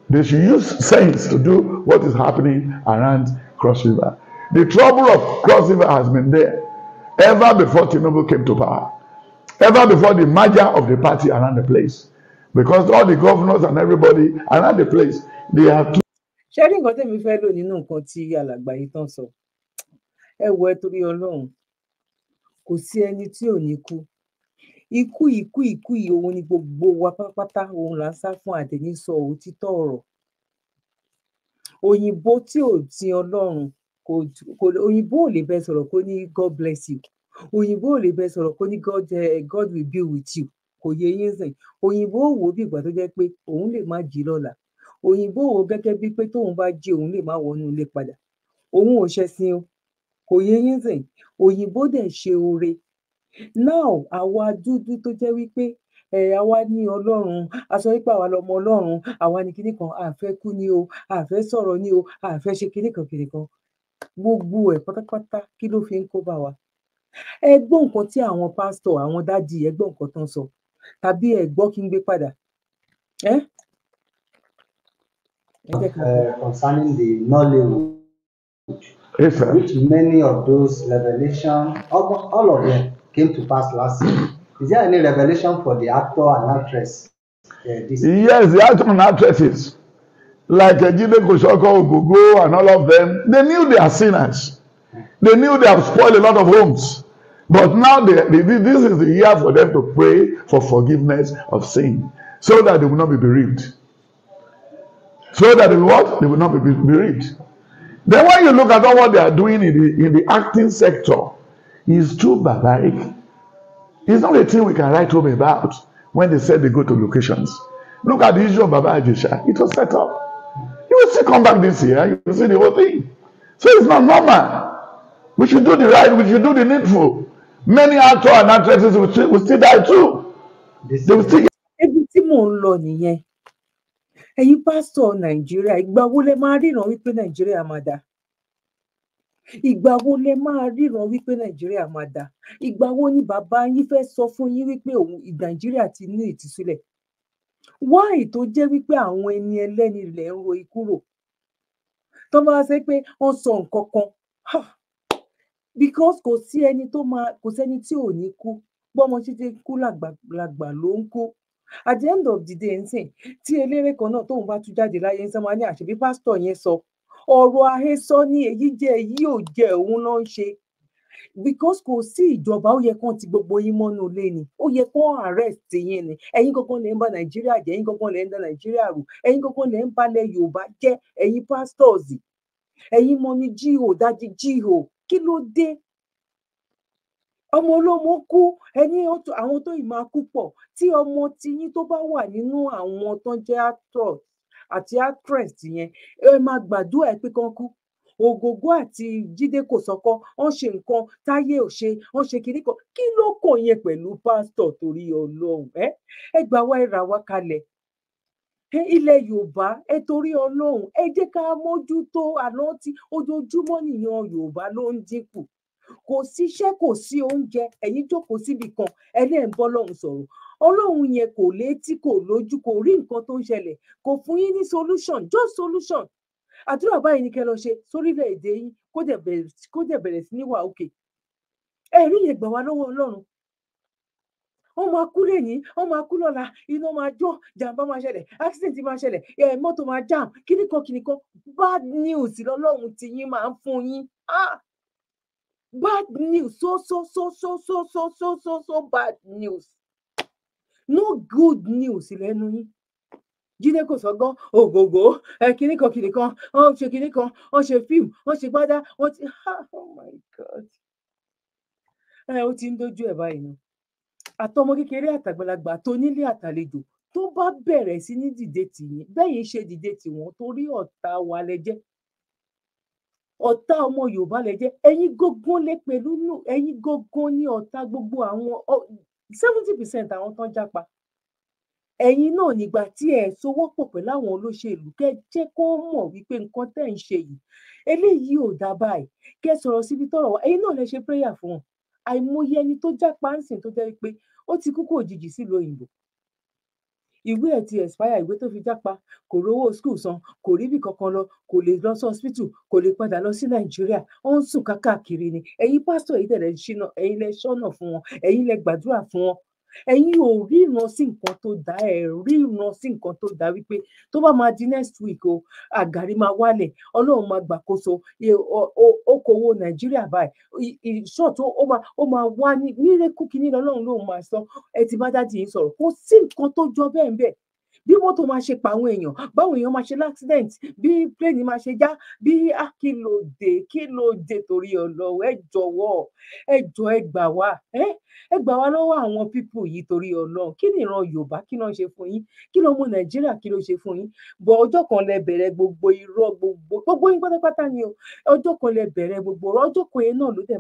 They should use sense to do what is happening around Cross River. The trouble of Cross River has been there ever before Tinubu came to power, ever before the merger of the party around the place, because all the governors and everybody around the place, they have Sharing ṣé rí nǹkan tẹ́mi fẹ́ lò nínú nǹkan tí alàgbà yìí ẹ wọ ẹ torí Ọlọ́run kò sí ẹni tí ò ní kú ikú ikú ikú yìí òun ni gbogbo wa pátápátá òun là ń sá fún àdéhì sọ òtítọ́ òyìnbó tí ò ti Ọlọ́run kò òyìnbó ò lè bẹ sọ̀rọ̀ kó ní God bless you òyìnbó ò lè bẹ sọ̀rọ̀ kó ní God uh, God will be with you kò yẹ yín sìn òyìnbó wò bí ìgbà tó jẹ́ pé òun lè má jí lọ́la òyìnbó wò gẹ́gẹ́ bíi pé tóun bá jí òun lè má wọnú ilé padà òun ò ṣẹ̀sìn o kò yé yín sìn òyìnbó dẹ̀ ṣe oore now àwa dúdú tó jẹ́ wípé ẹ àwa ní ọlọ́run aṣọ wípé àwa lọmọ ọlọ́run àwa ní kinní kan àfẹ́ kú ni o àfẹ́ sọ̀rọ̀ ni o àfẹ́ ṣe kinní kan kinní kan gbogbo ẹ̀ pátápátá kí ló fi ń kó bá wa ẹ gbọ́ nǹkan tí àwọn pásítọ̀ àwọn dádì ẹ gbọ́ nǹkan tán sọ tàbí ẹ gbọ́ kí n gbé padà uh, concerning the knowledge yes, which many of those revelations, all, all of them came to pass last year. Is there any revelation for the actor and actress? Uh, this yes, the actor and actresses, like Ejide uh, Kosoko, Ogogo, and all of them, they knew they are sinners. They knew they have spoiled a lot of homes. But now they, they, this is the year for them to pray for forgiveness of sin so that they will not be bereaved. So that they, what? They will not be bereaved. Then when you look at all what they are doing in the, in the acting sector, it's too barbaric. It's not a thing we can write home about when they said they go to locations. Look at the issue of Baba Ajisha. It was set up. You will still come back this year. You will see the whole thing. So it's not normal. We should do the right. We should do the needful. Many actors and actresses will still, will still die too. They will still get ẹ̀yin pásítọ̀ nàìjíríà ìgbà wo lẹ máa ríran wípé nàìjíríà máa dáa ìgbà wo lẹ máa ríran wípé nàìjíríà máa dáa ìgbà wo ni bàbá yín fẹ́ sọ fún yín wípé òun nàìjíríà ti ní ìtúsílẹ̀ wáì tó jẹ́ wípé àwọn ẹni ẹlẹ́ni lẹ ń ro ikú rò tó bá ṣe pé wọ́n sọ nǹkan kan because kò sí ẹni tó máa kò sẹ́ni tí ò ní kú bọ́mọ títí kú làgbà ló ń kú at the end of the day nsìn tí eléré kan náà tóun bá tún jáde láyé nsìn wọn á ní àṣebí pásítọ̀ yẹn sọ ọ̀rọ̀ àhesọ ní èyí jẹ èyí ò jẹ òun náà ń ṣe because kò sí ìjọba ó yẹ kán ti gbogbo yín mọ́nú ilé ni ó yẹ kán arrest yín ni ẹ̀yin kankan lè ń ba nàìjíríà jẹ́ ẹ̀yin kankan lè ń da nàìjíríà rù ẹ̀yin kankan lè ń balẹ̀ yorùbá jẹ́ ẹ̀yin pastors ẹ̀yin mọ́mí jíhò dájí jíhò kí ló dé ọmọ olómo kú ẹ̀yin àwọn tó yìí máa kú pọ̀ tí ọmọ tiyín tó bá wà nínú àwọn tó ń jẹ́ actors àti actress yẹn ẹ máa gbàdúrà ẹ pé kán kú ògògó àti jíde kò sọkọ wọn ṣe nǹkan táyé ò ṣe wọn ṣe kinní kan kí ló kọ yẹn pẹ̀lú pásítọ̀ torí Ọlọ́run ẹ ẹ gbà wá ẹ rà wá kalẹ̀ ilẹ̀ yorùbá ẹ torí Ọlọ́run ẹ jẹ́ ká mójútó àlọ́ tí ojoojúmọ́ nìyẹn yorùbá ló ń dínkù kò síṣẹ́ kò sí oúnjẹ ẹ̀yin jókòó síbi kan ẹni ẹ̀ ń bọ́ lọ́hùn sọ̀rọ̀ ọlọ́run yẹn kò létí kò lójú kò rí nǹkan tó ń ṣẹlẹ̀ kò fún yín ní solution just solution àdúrà báyìí ni kẹ́ lọ ṣe sórílẹ̀-èdè yín kó dẹ̀ bẹ̀rẹ̀ sí ní wà òkè ẹ̀rí yẹn gbà wá lọ́wọ́ ọlọ́run wọn máa kú lẹ́yìn wọn máa kú lọ́la iná máa jó jàǹbá máa ṣẹlẹ̀ accident máa ṣẹlẹ̀ ẹ máa jam kíníkan kíníkan bad news lọ́lọ́run ti yín máa ń fún yín ah Bad news, so, so, so, so, so, so, so, so, so bad news. No good news lẹ́nu yín. Jídé kò sọ́gán, ògògó, ẹ kinní kan kinní kan, wọ́n ṣe kinní kan, wọ́n ṣe fíìmù, wọ́n ṣe gbádá, wọ́n ti, oh my God. Ẹ ó ti ń dojú ẹ̀ báyìí náà. Àtọmọ kékeré àtàgbàlagbà tó nílé àtàlejò tó bá bẹ̀rẹ̀ sí ní dìde tì yín bẹ́yìn ṣe dìde tì wọ́n torí ọ̀tá wa lẹ ọ̀tá ọmọ yorùbá lẹ jẹ́ ẹ̀yin gógún lé pẹ̀lú nù ẹ̀yin gógún ní ọ̀tá gbogbo àwọn seventy percent àwọn tán jápa ẹ̀yin náà nígbà tí ẹ sowọ́pọ̀ pẹ̀lú àwọn olóṣèlú kẹ́ jẹ́ kó mọ̀ wípé nǹkan tẹ́ ń ṣe yìí eléyìí ò dá báyìí kẹ́ sọ̀rọ̀ síbi tọ́rọ̀ wá ẹ̀yin náà lẹ ṣe prayer fún wọn àìmọye ẹni tó jápa ń sìn tó jẹ́ pé ó ti kú kò sílùú òyìnbó ìwé ẹ̀ ti expire ìwé tó fi jápa kò rówó skul san kò rí ibì kankan lọ kò lè lọ sí hospital kò lè padà lọ sí nàìjíríà ó ń sùn kákàkiri ni ẹ̀yin pásítọ̀ yìí tẹ́lẹ̀ ṣínà ẹ̀yin lẹ ṣọ́nà fún wọn ẹ̀yin lẹ gbàdúrà fún wọn ẹ̀yin ò rí ìran sí nǹkan tó dá ẹ rí ìran sí nǹkan tó dá wípé tó bá máa di next week o àgàrí máa wálẹ̀ ọlọ́run máa gbàkóso okòwò nàìjíríà báyìí ìṣọ́ọ̀tù ó máa wá ní mírẹ́kù kínní lọ́lọ́run ló máa sọ ẹ ti bá dáàdì yìí sọ̀rọ̀ kò sí nǹkan tó jọ bẹ́ẹ̀ bẹ́ẹ̀ bí mọ́tò máa ṣe pa àwọn èèyàn báwọn èèyàn máa ṣe láksidẹ̀ǹt bí pléènì máa ṣe já bí a ah, kí ló dé kí ló dé torí ọlọ́wọ́ ẹ jọ̀wọ́ ẹ jọ ẹ gbà wá ẹ gbà wá lọ́wọ́ àwọn pípù yìí torí ọlọ́run kí ni ìran yorùbá kí ló ń ṣe fún yín kí ló mú nàìjíríà kí ló ṣe fún yín bọ ọjọ́ kan lẹ bẹ̀rẹ̀ gbogbo irọ́ gbogbo gbogbo yín pátápátá ni o ọjọ́ kan lẹ bẹ̀rẹ̀ gbogbo ọ̀rọ̀ ọjọ́ kan yẹn náà ló dẹ̀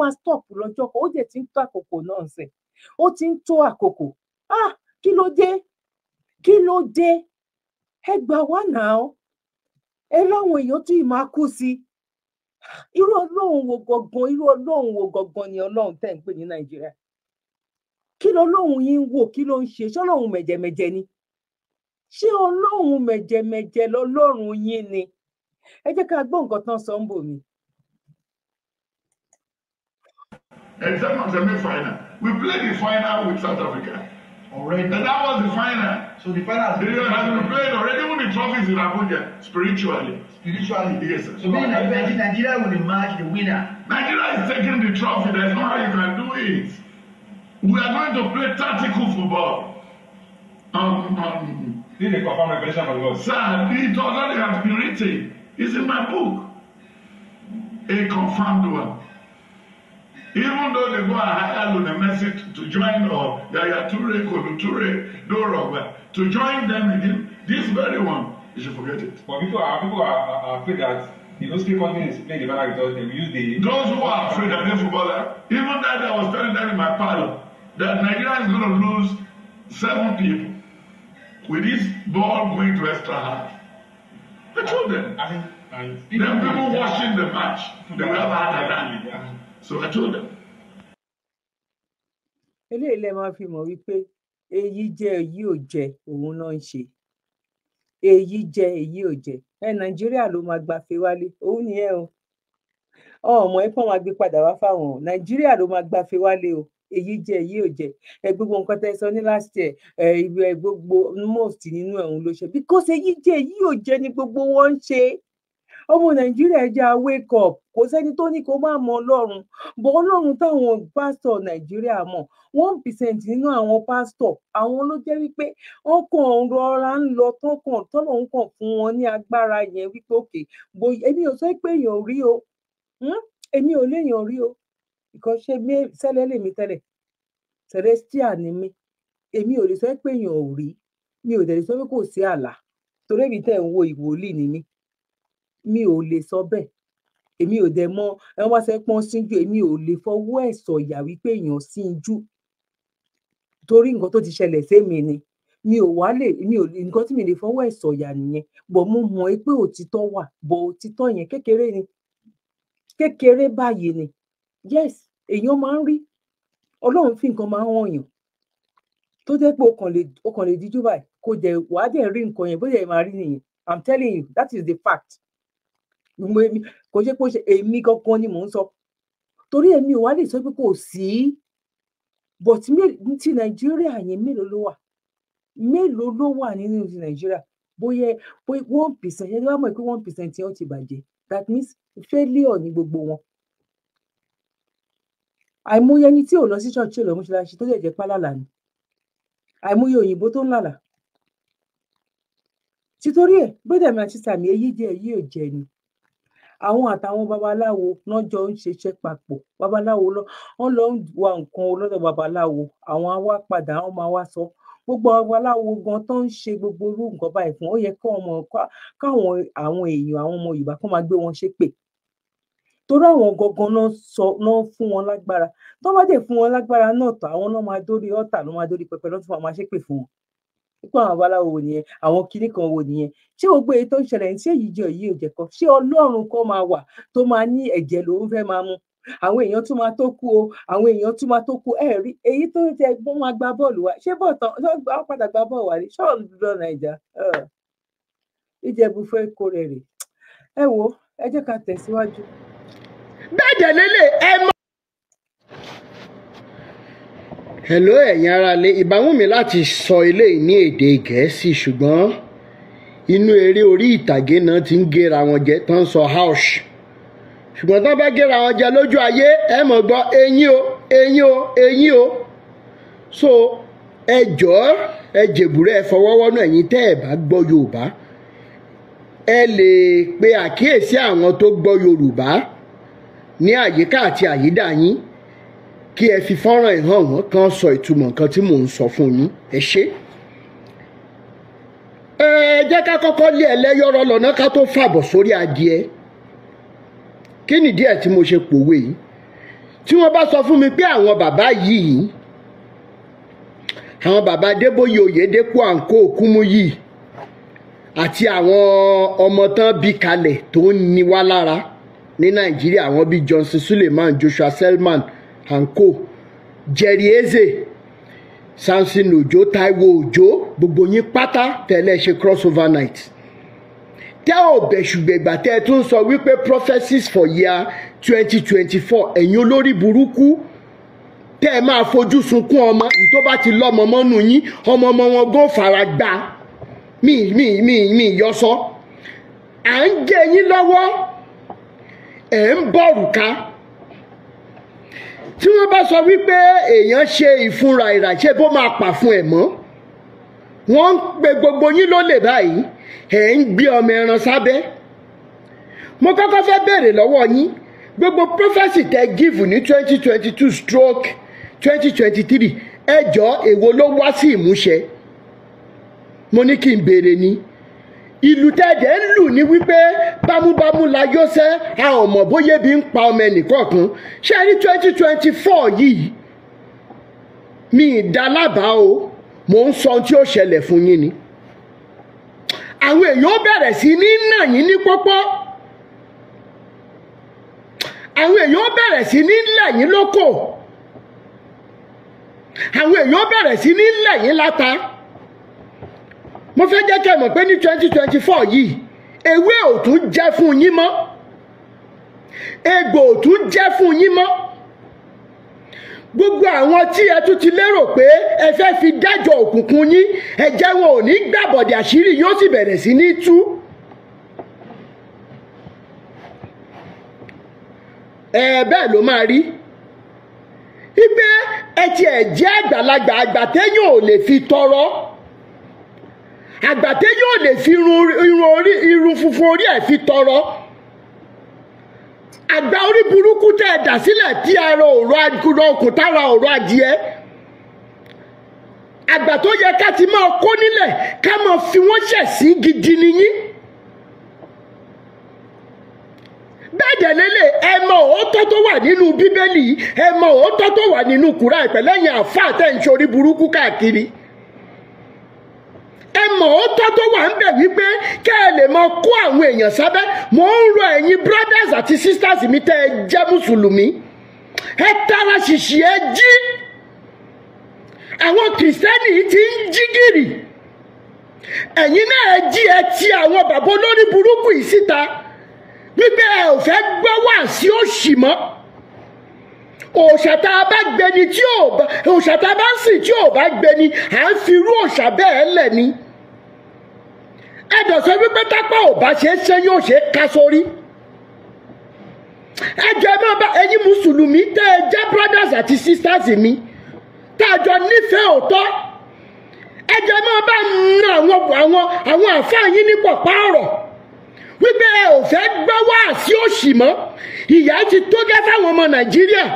máa stop lọ́jọ́ kan ó dẹ̀ ti ń tó àkókò náà sẹ̀ ó ti ń tó àkókò ah kí ló dé kí ló dé ẹ gbà wá náà ẹ láwọn èèyàn tí ì máa kú sí irú ọlọ́run wo gangan irú ọlọ́run wo gangan ni ọlọ́run tẹ̀ ń pè ní nàìjíríà kí lọlọ́run yìí ń wò kí ló ń ṣe ṣọlọ́run mẹ̀jẹ̀mẹ̀jẹ̀ ni ṣé ọlọ́run mẹ̀jẹ̀mẹ̀jẹ̀ lọlọ́run yín ni ẹ jẹ́ ká gbọ́ nǹkan tán sọ ń bò mí. exam of semi-final we play the final with South Africa Already. That, that was the final. So the final has been played. Has been played already with the trophies in Abuja spiritually. Spiritually? Yes, sir. So meaning Nigeria, Nigeria will emerge the winner. Nigeria is taking the trophy. There's no way you can do it. We are going to play tactical football. Um, um, Did they confirm revelation from God? Sir, it already has been written. It's in my book. A confirmed one. Even though they go and hire Lunamesi to, to join or Yaya Toure, Kolo Toure, Dorogba, to join them again, this very one, you should forget it. But people are, people are, are afraid that the Osprey company is playing the banner because they use the. Those who are afraid of they footballer, even that I was telling them in my parlor, that Nigeria is going to lose seven people with this ball going to extra half. I told them. I, I, I, then people watching the match, they will have had a hand. So I told them. eléyìí lè máa fi mọ̀ wípé èyí jẹ èyí ò jẹ òun náà ń ṣe èyí jẹ èyí ò jẹ ẹ nàìjíríà ló máa gba fẹ wálé òun nìyẹn o ọmọ ẹ pọn máa gbé padà wá fáwọn o nàìjíríà ló máa gba fẹ wálé o èyí jẹ èyí ò jẹ ẹ gbogbo nǹkan tẹ sọ ní last year ẹ gbogbo most nínú ẹ ló ṣe because èyí jẹ èyí ò jẹ ni gbogbo wọn ń ṣe ọmọ nàìjíríà ẹ wake up kò sẹ́ni tó ní kó má mọ ọlọ́run bọ ọlọ́run táwọn pásítọ̀ nàìjíríà mọ̀ one percent nínú àwọn pásítọ̀ àwọn ló jẹ́ wípé ọkàn rọra ń lọ tọkàn tọ́lọ́run kàn fún wọn ní agbára yẹn wípé òkè bóyá èmi ò sọ pé èèyàn rí o hmm? èmi ò léèyàn rí o ìkànṣe sẹ́lẹ̀ lèmi tẹ́lẹ̀ celestial ni mí èmi ò lè sọ pé èèyàn ò rí mi ò dẹ̀ lè sọ pé kò sí àlà torí èmi tẹ̀ ń wo ìwòlíì ni mí mi ò lè sọ bẹ́ẹ̀ èmi ò dẹ̀ mọ̀ ẹ wá sẹ pọn síjú èmi ò lè fọwọ́ ẹ̀ sọ̀yà wípé èèyàn síjú torí nǹkan tó ti ṣẹlẹ̀ sémi ni mi ò wá lè mi ò nǹkan tí mi lè fọwọ́ ẹ̀ sọ̀yà nìyẹn bọ̀ mo mọ̀ ẹ́ pé òtítọ́ wà bọ̀ òtítọ́ yẹn kékeré ni kékeré báyìí ni yes èèyàn máa ń rí ọlọ́run fi nǹkan máa ń hàn yàn tó jẹ́ pé o kàn lè díjú báyìí kò dẹ̀ wá dẹ̀ rí nǹkan yẹn bó dẹ̀ máa rí nìyẹn i'm telling you that is the fact kò ṣe pé èmi gangan ni mò ń sọ torí èmi ò wá lè sọ pé kò sí but ti nàìjíríà yẹn mélòó ló wà mélòó ló wà nínú ti nàìjíríà bóyá one percent ẹni wàá mọ̀ pé one percent yẹn ó ti bàjẹ́ that means failure ní gbogbo wọn àìmọye ẹni tí ò lọ sí ṣọ́ọ̀ṣì ò lọ mọ́ṣáláṣí tó lè jẹ́ pálálà ni àìmọye òyìnbó tó ń lálà títorí ẹ̀ bóyá mi àti sàmì èyí jẹ́ èyí ò jẹ ni àwọn àtàwọn babaláwo náà jọ ń ṣiṣẹ́ papọ̀ babaláwo lọ wọ́n lọ ń wa nǹkan lọ́dọ̀ babaláwo àwọn àwa padà wọ́n máa wá sọ gbogbo babaláwo gan tó ń ṣe gbogbo irú nǹkan báyìí fún ó yẹ káwọn káwọn àwọn èèyàn àwọn ọmọ Yorùbá kó máa gbé wọn ṣépè torí àwọn gangan náà sọ náà fún wọn lágbára tó bá dé fún wọn lágbára náà tó àwọn náà máa dórí ọ̀tà ló máa dórí pẹpẹ lọ́tún àwọn máa ṣépè fún wọn pé àwọn babaláwo wò nìyẹn àwọn kinní kan wò nìyẹn ṣé gbogbo èyí tó ń ṣẹlẹ̀ ṣé èyí jẹ́ èyí ò jẹ́ kan ṣé ọlọ́run kan máa wà tó máa ní ẹ̀jẹ̀ ló ń fẹ́ máa mu àwọn èèyàn tún máa tó kú o àwọn èèyàn tún máa tó kú ẹ rí èyí tó ń tẹ gbọ́n máa gba bọ́ọ̀lù wa ṣé bọ́ọ̀ tán wọ́n padà gba bọ́ọ̀lù wa rí ṣọ́ọ̀lù lọ nàìjà ìjẹ̀bù fẹ́ kó rẹ̀ rè ẹ wo ẹ jẹ́ ká tẹ̀síwájú. bẹ́ẹ̀ dẹ̀ lélẹ̀ ẹ mọ hello ẹ̀yin aráalé ìbámu mi láti sọ eléyìí ní èdè gẹ̀ẹ́sì ṣùgbọ́n inú eré orí ìtàgé náà ti ń géra wọn jẹ tó ń sọ house ṣùgbọ́n tó bá géra wọn jẹ lójú ayé ẹ mọ̀ gbọ́ eyín o eyín o eyín o so ẹ jọ̀ọ́ ẹ jèbùrẹ́ ẹ fọwọ́wọ́nú ẹ̀yin tẹ́ ẹ bá gbọ́ Yorùbá ẹ lè pe àkíyèsí àwọn tó gbọ́ Yorùbá ní àyíká àti àyídà yín kí ẹ fi fọ́nrán ẹ̀ hàn wọ́n kan sọ ìtumọ̀ nǹkan tí mò ń sọ fún yín ẹ ṣé. ẹ jẹ́ ká kọ́kọ́ lé ẹlẹ́yọ̀rọ̀ lọ́nà ká tó fàbọ̀ sórí adìẹ kí nìdí ẹ̀ tí mo ṣe pòwe yìí tí wọ́n bá sọ fún mi pé àwọn bàbá yìí àwọn bàbá Adébóyè Oyèdépò àǹkó Òkúmúyì àti àwọn ọmọ tán bí kalẹ̀ tó ń ni wá lára ní Nàìjíríà àwọn bíi Johnson Suleiman Joshua Selman and co jerry eze samson òjó taiwo òjó gbogbo yín pátá tẹ́lẹ̀ ṣe crossover night tẹ́ ò bẹ̀ṣùgbẹ̀gbà tẹ́ ẹ tún sọ wípé prophecies for year twenty twenty four ẹ̀yin olórí burúkú tẹ́ ẹ máa fojú sunkún ọmọ èyí tó bá ti lọ́mọ mọ́nú yín ọmọ ọmọ wọn gó fara gbá mi mi mi mi yọ sọ à ń jẹ yín lọ́wọ́ ẹ̀ ń bọ̀rù ká tí wọ́n bá sọ wípé èèyàn ṣe ìfúnra ìràṣẹ bó máa pa fún ẹ̀ mọ́ wọ́n ń pe gbogbo yín lólè báyìí ẹ̀ ń gbé ọmọ ẹran sábẹ́ mo kọ́kọ́ fẹ́ béèrè lọ́wọ́ yín gbogbo prophesy tẹ give ní twenty twenty two stroke twenty twenty three ẹjọ́ èwo ló wá sí ìmúṣẹ mo ní kí n béèrè ni ìlú tẹ́jẹ̀ ń lù ní wípé bámúbámú la yó sẹ́ a ò mọ̀ bóyá ebi ń pa ọmọ ẹnìkọ̀ọ̀kan ṣé ní twenty twenty four yìí mi ì dá lábàá o mò ń sọ ohun tí ó ṣẹlẹ̀ fún yín ni àwọn èèyàn bẹ̀rẹ̀ sí ní nà yín ní pọ́pọ́ àwọn èèyàn bẹ̀rẹ̀ sí ní lẹ̀ yín lóko àwọn èèyàn bẹ̀rẹ̀ sí ní lẹ̀ yín láta mo fẹ́ jẹ́ kẹ́ mọ̀ pé ní twenty twenty four yìí ewé ò tún jẹ́ fún yín mọ́ egbò ò tún jẹ́ fún yín mọ́ gbogbo àwọn tí ẹ tún ti lérò pé ẹ fẹ́ fi dájọ́ òkùnkùn yín ẹ̀jẹ̀ wọn ò ní gbàbọ̀dẹ̀ àṣírí yóò sì bẹ̀rẹ̀ sí ní tú. ẹ bẹ́ẹ̀ ló máa rí i pé ẹ tiẹ̀ jẹ́ àgbàlagbà àgbà ò lè fi tọrọ àgbàdé yóò lè fi irun orí irun funfun orí ẹ̀ fi tọrọ àgbà orí burúkú tẹ́ ẹ dà sílẹ̀ tí ara òrò agurọ kò tára òrò adìẹ àgbà tó yẹ ká ti máa kó nílẹ̀ ká máa fi wọ́n ṣẹ̀ sí gidi nìyí bẹ́ẹ̀ dẹ̀ lélẹ̀ ẹ mọ òótọ́ tó wà nínú bíbélì ẹ mọ òótọ́ tó wà nínú kùrá ìpẹ́lẹ́yìn àfáà tẹ̀ ń burúkú káàkiri ẹ mọ̀ ó tọ́ tó wà ń bẹ̀ wípé kẹ́ ẹ lè mọ kó àwọn èèyàn sábẹ́ mò ń rọ ẹ̀yin brothers àti sisters mi tẹ́ ẹ jẹ́ mùsùlùmí ẹ tara ṣìṣì ẹ jí àwọn kìrìsìtẹ́nì ti ń jí gìrì ẹ̀yin náà ẹ jí ẹ ti àwọn bàbá olórí burúkú yìí síta wípé ẹ ò fẹ́ gbọ́ wá sí òṣì mọ́ òòṣà tá a bá gbẹni tí ò bá òòṣà tá a bá ń sìn tí ò bá gbẹni à ń fi irú òòṣà bẹ́ẹ̀ lẹ̀ ni ẹ̀dọ̀ sọ wípé tápá ò bá ṣe é ṣe yóò ṣe é ká sórí ẹjọ́ ẹ máa bá ẹ̀yin mùsùlùmí tẹ́ ẹ jẹ́ brothers àti sisters mi tá a jọ nífẹ̀ẹ́ òótọ́ ẹjọ́ ẹ máa bá na àwọn àwọn àwọn àfáà yín ní pọ̀pá ọ̀rọ̀ wípé ẹ ò fẹ́ gbọ́ wá sí òṣì mọ́ ìyà ti tó gẹ́ fáwọn ọmọ nàìjíríà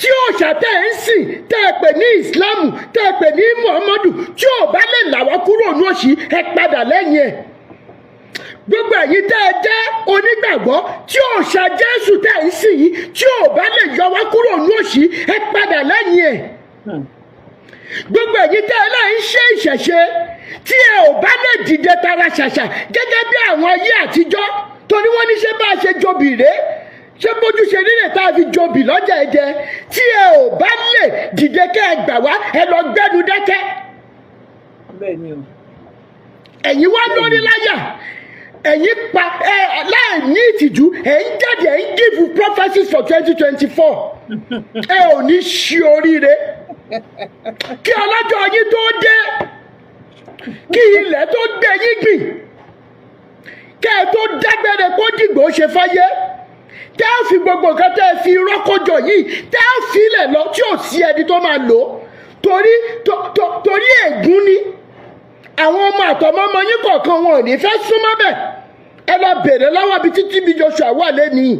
tí òòṣà tẹ́ ẹ̀ ń sìn tẹ́ ẹ pè ní ìsìláàmù tẹ́ ẹ pè ní muhammadu tí ò bá lè là wá kúrò ní òṣì ẹ padà lẹ́yìn ẹ̀ gbogbo ẹ̀yin tẹ́ ẹ jẹ́ onígbàgbọ́ tí òòṣà jésù tẹ́ ẹ ń sìn yìí tí ò bá lè yọ wá kúrò ní òṣì ẹ padà lẹ́yìn ẹ̀ hmm. gbogbo ẹ̀yin tẹ́ ẹ náà ń ṣe ìṣẹ̀ṣe tí ẹ ò bá lè dìde tara ṣàṣà gẹ́gẹ́ bí àwọn ayé àtijọ́ torí wọ́n ní ṣe bá a ṣe jobì ṣé bójúṣe nílé tá a fi jobì lọ́jà ẹ jẹ tí ẹ ò bá lè dìde kẹ́ ẹ gbà wá ẹ lọ gbẹ́nu dẹ́kẹ́. ẹ̀yin wá lórí láyà ẹ̀yin pa ẹ láì ní ìtìjú ẹ̀ ń jáde ẹ̀ ń gíìfù prophecies for twenty twenty four *laughs* ẹ ò ní ṣí oríire kí ọlọ́jọ́ yín tó dé kí ilẹ̀ tó gbẹ yín gbìn kẹ́ ẹ tó dágbére kó dìgbò ṣe fáyé tẹ́ ẹ fi gbogbo nǹkan tẹ́ ẹ fi rọ́kọjọ yìí tẹ́ ẹ filẹ̀ lọ tí ò sí ẹni tó máa lò torí torí ègún ni àwọn ọmọ àtọmọ ọmọ yín kọ̀ọ̀kan wọn ò ní fẹ́ súnmọ́ bẹ́ẹ̀ ẹ lọ bèrè lọ́wọ́ ibi títí bí Joshua wà lẹ́nìí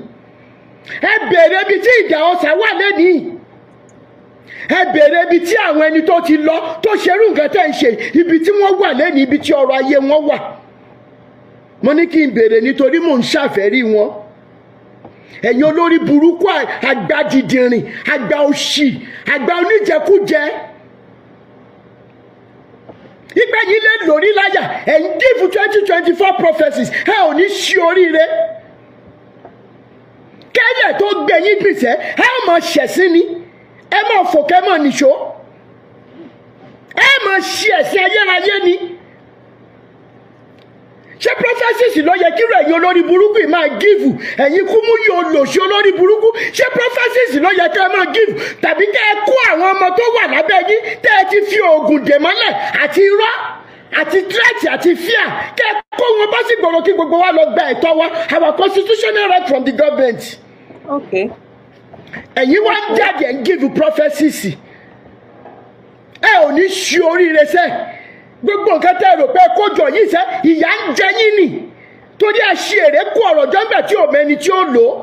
ẹ bèrè ibi tí ìjà ọ̀sà wà lẹ́nìí ẹ bèrè ibi tí àwọn ẹni tó ti lọ tó ṣerú nǹkan tẹ́ ń ṣe ibi tí wọ́n wà lẹ́nìí ibi tí ọrọ̀ ayé wọn wà mo ní kí n bèrè nítorí mò ń ṣàfẹ́rí wọn ẹ̀yin olórí burúkú àgbà dìdìrìn àgbà òṣì àgbà oníjẹkújẹ ìgbẹ́ yìí lè lórí láyà ẹ̀yin gífù twenty twenty four prophecies ẹ ò ní ṣí oríire kẹ́lẹ̀ tó gbẹ̀yìn gbèsè ẹ ò mọ̀ ṣẹ̀sí ni ẹ mọ̀ fòkẹ́ mọ̀ nìṣó ẹ mọ̀ ṣẹ̀sí ayérayé ni ṣé prophesies. ló yẹ kí ẹ̀yin olórí burúkú yìí máa gíìfù ẹ̀yin kú mú yóò lò sí olórí burúkú ṣé prophecies ló yẹ kí ẹ máa gíìfù tàbí kẹ́ ẹ kó àwọn ọmọ tó wà lábẹ́ yín tẹ́ ẹ ti fi oògùn dè mọ́lẹ̀ àti irọ́ àti threat àti fear kẹ́ ẹ kó wọn bá sì gbòòrò kí gbogbo wa lọ gba ẹ̀tọ́ wa our constitutional right from the government. ẹ̀yin wá ń jáde ẹ̀ ń gíìfù prophecies ẹ ò ní ṣe oríire sẹ́ẹ̀ gbogbo nǹkan tẹ́ ẹ rò pé kójọ yìí sẹ́ ìyá ń jẹ yín nì torí ẹ ṣe èrè kó ọ̀rọ̀ jọ́ńbẹ̀ tí ò mẹni tí ó lò ó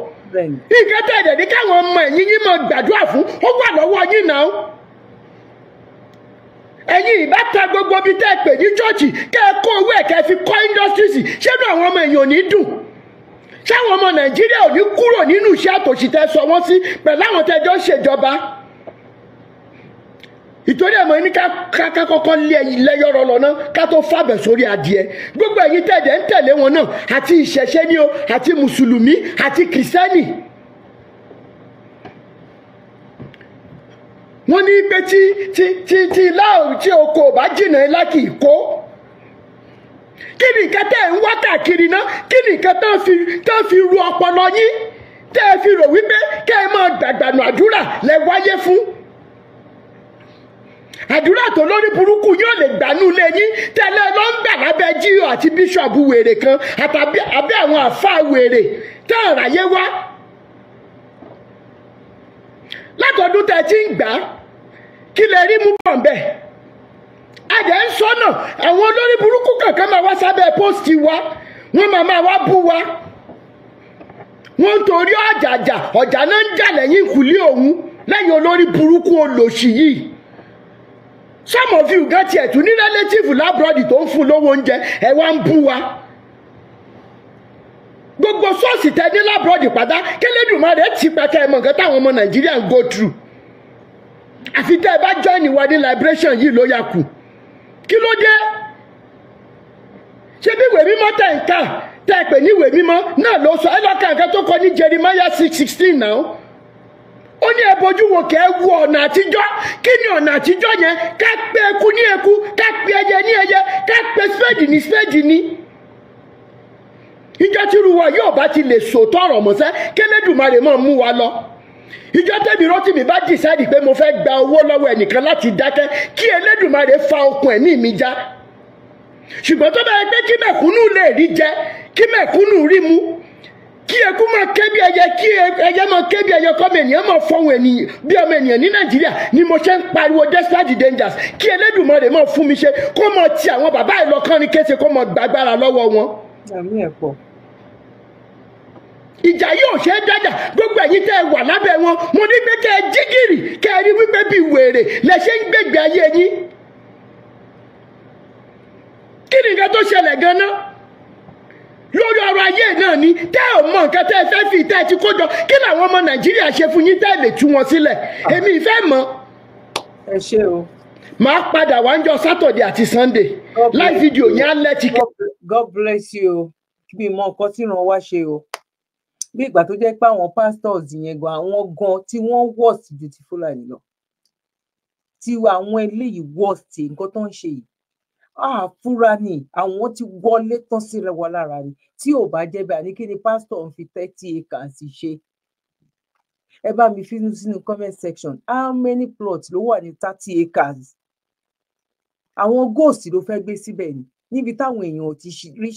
nǹkan tẹ́ ẹ ní káwọn ọmọ ẹ̀yìn yín máa gbàdúrà fún ó wà lọ́wọ́ yín náà ẹ̀yin ìbá ta gbogbo bíi tẹ́ ẹ pè ní chọ́ọ̀chì kẹ́ ẹ kó owó ẹ̀ kẹ́ ẹ fi kọ́ industries ṣé ní àwọn ọmọ èèyàn ò ní dùn ṣáwọn ọmọ nàìjíríà ò ní kúrò nínú iṣẹ́ àtòṣìtẹ́ sọ wọ́n sí pẹ̀lú àwọn tẹ́jọ́ ṣèjọba ìtorí ẹ̀mọ́ ní ká kọ́kọ́ lé lẹ́yọ̀rọ̀ lọ́nà ká tó fàbẹ̀ sórí adìẹ gbogbo ẹ̀yin tẹ̀dẹ̀ ń tẹ̀lé wọn náà àti ìṣẹ̀ṣẹ̀ ni o àti mùsùlùmí àti kìrìsẹ́nì. wọ́n ní pé tí tí tí tí láò tí oko ò bá jìnnà ẹ láti ìkó kí ni nǹkan tẹ́ ẹ̀ ń wá káàkiri náà kí ni nǹkan tẹ́ ẹ̀ fi ru ọpọlọ yín tẹ́ ẹ fi rò wípé kẹ́ ẹ máa gbàgbànú àdúrà lẹ wáyé fún àdúrà tó lórí burúkú yóò lè gbanú lé yín tẹ́lẹ̀ ló ń gbà lábẹ́ jíò àti bíṣọ̀bù wèrè kan àtàbí abẹ́ àwọn àfa wèrè tẹ́ ọ̀ráyé wá látọdún tẹ́ ti ń gbà kí lè rí mú bọ̀ ńbẹ̀ àdẹ̀ ń sọ́nà àwọn olórí burúkú kankan máa wá sábẹ́ pósìtì wa wọ́n máa máa wá bú wa wọ́n ń torí ọ̀jàjà ọ̀jà náà ń jà lẹ́yìn ìkùlé òun lẹ́yìn olórí burúkú olòṣì yìí some of you gan tiẹ̀ tún ní relative lábúrọ́dì tó ń fún lówó oúnjẹ ẹ wá ń bú wa gbogbo sọ́ọ̀sì tẹ ní lábúrọ́dì pátá kélédùmarè ti pẹ̀kẹ́ ẹ mọ̀ nǹkan táwọn ọmọ nàìjíríà ń go through àfi tẹ́ ẹ bá join wa ní liberation yìí ló yà kù kí ló dé ṣé bí ìwé mímọ́ tẹ̀ ń kà tẹ́ ẹ pè ní ìwé mímọ́ náà ló sọ ẹ lọ́ọ́ ka nǹkan tó kọ ní Jeremiah six sixteen náà. ní ẹbojú wò kẹ́ wu ọ̀nà àtijọ́ kí ni ọ̀nà àtijọ́ yẹn ká pé eku ní eku ká pé ẹyẹ ní ẹyẹ ká pé spade ní spade ní. ìjọ tí ruwa yóò bá ti lè lọ ìjọ bá pé mo fẹ́ gba owó lọ́wọ́ ẹnìkan láti dákẹ́ kí fa kí ẹkú máa ké bí ẹyẹ kí ẹyẹ máa ké bí ẹyẹ kọ́ mi ènìyàn máa fọ́hùn ènìyàn bí ọmọ ènìyàn ní nàìjíríà ni mo ṣe ń pariwo despite dangers kí Elédùmarè máa fún mi ṣe kó máa ti àwọn bàbá ìlọkàn ní kése kó máa gbàgbára lọ́wọ́ wọn. ìjà yóò ṣe é dájà gbogbo ẹ̀yin tẹ́ ẹ wà lábẹ́ wọn mo ní pé kẹ́ ẹ jí gìrì kẹ́ ẹ rí wípé bíi wèrè lẹ ṣe ń gbègbè ayé yín kí ni nǹkan tó ṣẹlẹ̀ gan-an lórí ọrọ̀ ayé náà ni tẹ́ ò mọ nǹkan tẹ́ ẹ fẹ́ fi tẹ́ ẹ ti kójọ kí làwọn ọmọ nàìjíríà ṣe fún yín tẹ́ ẹ lè tú wọn sílẹ̀ èmi ìfẹ́ mọ́. ẹ ṣe o. màá padà wá ń jọ sátọ̀dẹ̀ àti sunday láì fídíò yẹn á lẹ́tí. god bless you o bí mọ nǹkan tí ràn wá ṣe o bí ìgbà tó jẹ́ pé àwọn pastors yẹn gan àwọn gan tí wọ́n worst ju ti fúlàní lọ tí àwọn eléyìí worst nǹkan tó ń ṣe yìí àfúra ni àwọn ti wọlé tán síra wa lára ni tí ò bá jẹ́ bẹ́ẹ̀ àní kí ni pásítọ̀ ń fi thirty acres ṣe ẹ bá mi fi sínú comment section how many plots ló wà ní thirty acres àwọn ghost ló fẹ́ gbé síbẹ̀ ni níbi táwọn èèyàn ò ti rí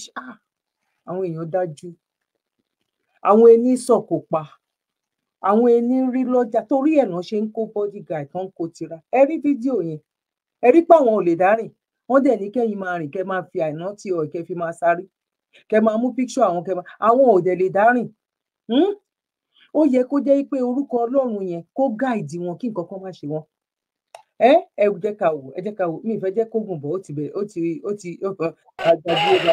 àwọn èèyàn dájú àwọn ẹni sọ̀kò pa àwọn ẹni rí lọ́jà torí ẹ̀ náà ṣe ń kó bodyguard tó ń kó tira ẹ rí fídíò yẹn ẹ rí pé àwọn ò lè dárìn wọ́n dẹ̀ ní kẹ́yìn máa rìn kẹ́ máa fi àìná tí ọ̀ kẹ́ fi máa sáré kẹ́ máa mú píkṣọ àwọn kẹ́ máa àwọn ò dẹ̀ lè dárìn ó yẹ kó jẹ́ pé orúkọ ọlọ́run yẹn kó gáìdì wọn kí nǹkan kan má ṣe wọn ẹ ẹ jẹ́ ká wò ẹ jẹ́ ká wò mi ìfẹ́ jẹ́ kó gùn bọ̀ ó ti bẹ̀ ó ti ó ti àgbàdo ọba.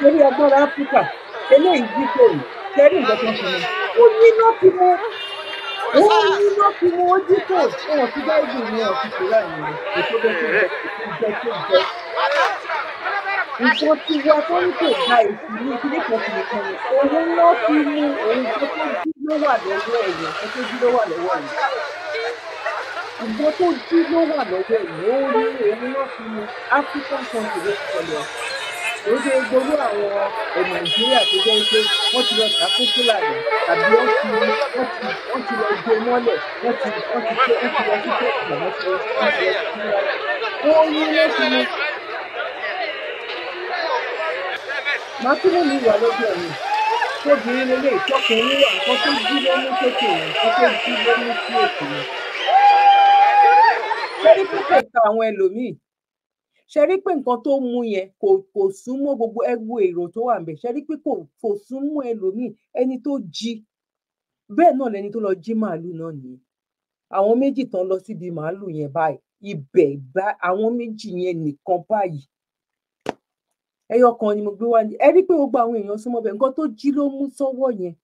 torí ọgbọ́n áfíríkà eléyìí dípò tẹ́rí nǹkan tó ń ṣe ni ó níná tí mo ó níná tí mo ó jí tó wọn ti dá ìgbìmọ̀ ní ọ̀sìn ìṣúra ìrìn èso bẹ́ẹ̀ nǹkan tí wa tó ń tò ká èsì ní ìpínlẹ̀ kọ̀ọ̀kan òun náà fi mú òun tó tó jí ló wà lọ́wọ́ ẹ̀yẹ tó tó jí ló wà lọ́wọ́ ẹ̀yẹ ìgbọ́n tó jí ló wà lọ́wọ́ ẹ̀yẹ ó ní òun náà fi mú African country ló ti sọ̀rọ̀ kìí gbogbo àwọn ọmọ nàìjíríà tó jẹ́ pé wọ́n ti lọ tà fúlàní tàbí wọ́n ti wọ́n ti lọ gbé e mọ́lẹ̀ wọ́n ti wọ́n ti ṣe wọ́n ti lọ sí pé ìgbàlọ́ ti lọ sí wọ́n ní lẹ́sìn ni. màá tún wà lọ́jọ́ mi tóbìnrin lélẹ̀ ìtọ́kùnrin wà nǹkan tó dúró ní kékeré nǹkan tó dúró ní sí èkó. pẹ́ẹ́lí púpọ̀ ta àwọn ẹlòmíì ṣe rí pé nǹkan tó mú yẹn kò kò súnmọ́ gbogbo ẹgbẹ́ èrò tó wà ń bẹ̀ ṣe rí pé kò kò súnmọ́ ẹlòmíì ẹni tó jí bẹ́ẹ̀ náà lẹni tó lọ jí màálù náà nìyẹn àwọn méjì tán lọ síbi màálù yẹn báyìí ibẹ̀ bá àwọn méjì yẹn nìkan báyìí ẹyọ kan ni mo gbé wá ní ẹ rí pé gbogbo àwọn èèyàn súnmọ́ bẹ́ẹ̀ nǹkan tó jí ló mú sọ́wọ́ yẹn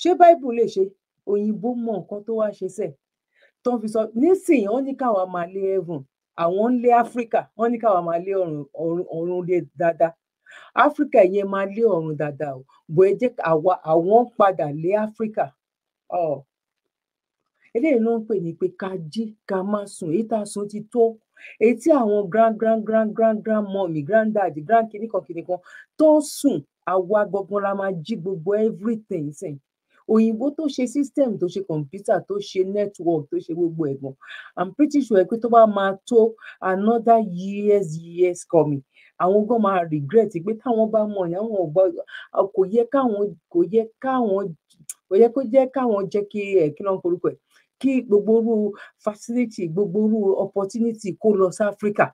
ṣé báìbù lè ṣe òyìnbó mọ nǹkan tó wá ṣe sẹ̀ tó ń fi sọ nísìnyí wọ́n ní káwa máa lé ẹ̀vùn àwọn ń lé áfíríkà wọn ní káwa máa lé ọrùn ọrùn lé dáadáa áfíríkà yẹn máa lé ọrùn dáadáa o bò ẹ jẹ àwa àwọn ń padà lé áfíríkà ọ eléyìí ló ń pè ní pé ká jí ká má sùn èyí tá a sùn ti tó èyí tí àwọn grand grand grand grand grand mọ́mì grand dad grand kìnnìkan kìnnìkan tó ń sùn àwa gbọgbọn la máa jí gbogbo everything sìn òyìnbó tó ṣe system tó ṣe computer tó ṣe network tó ṣe gbogbo ẹ̀gbọ́n i'm pretty sure pé tó bá máa tó another years years coming àwọn gan máa regret pé táwọn bá mọ ìyá wọn ọgbà kò yẹ káwọn kò yẹ káwọn kò yẹ kó jẹ káwọn jẹ kí ẹ kí ló ń korúkọ ẹ kí gbogbo orú facility gbogbo orú opportunity kó lọ sí Africa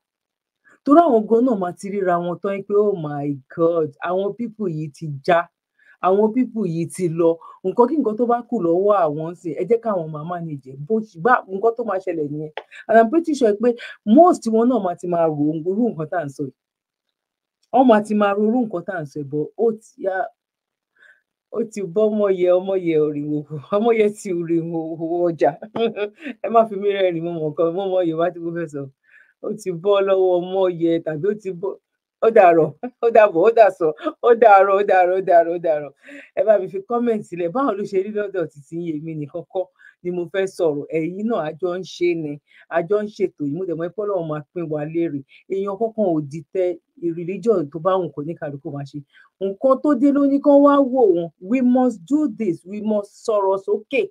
torí àwọn gan náà máa ti ríra wọn tán pé oh my god àwọn people yìí ti já. Ja àwọn pípù yìí ti lọ nǹkan kí nǹkan tó bá kù lọ́wọ́ àwọn sí ẹ jẹ́ káwọn máa manage bó bá nǹkan tó máa ṣẹlẹ̀ nìyẹn and i'm pretty sure pé most wọn náà máa ti máa rò irú nǹkan tá à ń sọ yìí wọn máa ti máa rò irú nǹkan tá à ń sọ yìí bọ́ ó ti yá ó ti bọ́ ọmọye ọmọye òrìwò ọmọye ti òrìwò ọjà *laughs* ẹ má fi mí rẹ́rìn mọ́ mọ́ kan mọ́ ọmọye wá tí mo fẹ́ ó ti bọ́ lọ́wọ́ ọmọye tàbí ó ti bọ́ ó dàrọ̀ ó dàbọ̀ ó dàsọ̀ ó dàrọ̀ ó dàrọ̀ ó dàrọ̀ ó dàrọ̀ ẹ bá mi fi kọ́mẹ̀ntì sílẹ̀ báwo ló ṣe rí lọ́dọ̀ títí èmi nìkan kọ́ ni mo fẹ́ sọ̀rọ̀ ẹ̀yin náà àjọ ń ṣe ni àjọ ń ṣètò yìí mo dẹ̀ mọ́ ẹ pọ́lọ́ máa pín wa léèrè èèyàn kankan ò di tẹ religion tó bá wọn kò ní kálukú máa ṣe nǹkan tó dé lónìí kan wá wò wọn we must do this we must sọ̀rọ̀ sókè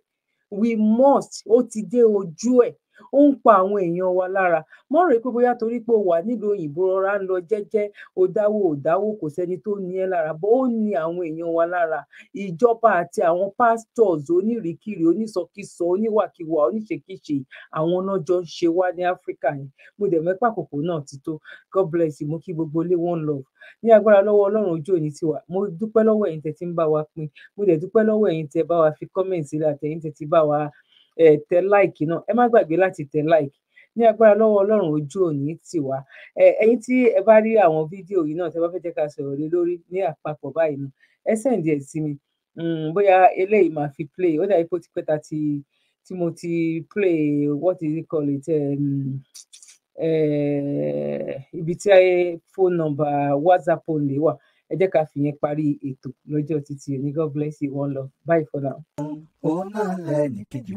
we must ó ti dé ojú ẹ̀ ó ń pa àwọn èèyàn wa lára mọ́ rèé pé bóyá torí pé o wà nílùú òyìnbó rọra ń lọ jẹ́jẹ́ o dáwó o dáwó kò sẹ́ni tó ní ẹ lára bó ó ní àwọn èèyàn wa lára ìjọba àti àwọn pastors onírìkìrì onísọkísọ oníwàkiwà oníṣekíṣe àwọn náà jọ ń ṣe wá ní áfíríkà yẹn mo dẹ̀ mẹ́pà kòkó náà ti tó god bless you mo kí gbogbo ilé one love ní agbára lọ́wọ́ ọlọ́run ojú òní ti wà mo dúpẹ́ lọ́wọ́ ẹ̀yin tẹ̀ ti ń bá wa pín mo dẹ̀ dúpẹ́ lọ́wọ́ ẹ̀yin tẹ̀ bá wa fi kọ́mẹ̀ǹtì sílẹ̀ àtẹ̀yin tẹ̀ ti bá wa ẹ tẹ like náà ẹ má gbàgbé láti tẹ like ní agbára lọ́wọ́ ọlọ́run ojú òní tì wá ẹ̀yin tí ẹ bá rí àwọn fídíò yìí náà tẹ bá fẹ́ jẹ́ ká sọ̀rọ̀ lé lórí ní àpapọ̀ báyìí nu ẹ sẹ́ǹdì ẹ̀ sí mi hmm, bóyá eléyìí máa fi play ó dàbí pé ó ti pẹ́ ta ti tí mo ti play what is it called it eh, ibi tí phone number whatsapp only wà. Wa ẹ jẹ́ ká fi yẹn parí ètò lọ́jọ́ títí òní god bless you one love bye for now. ọ̀nà lẹ́nu kejì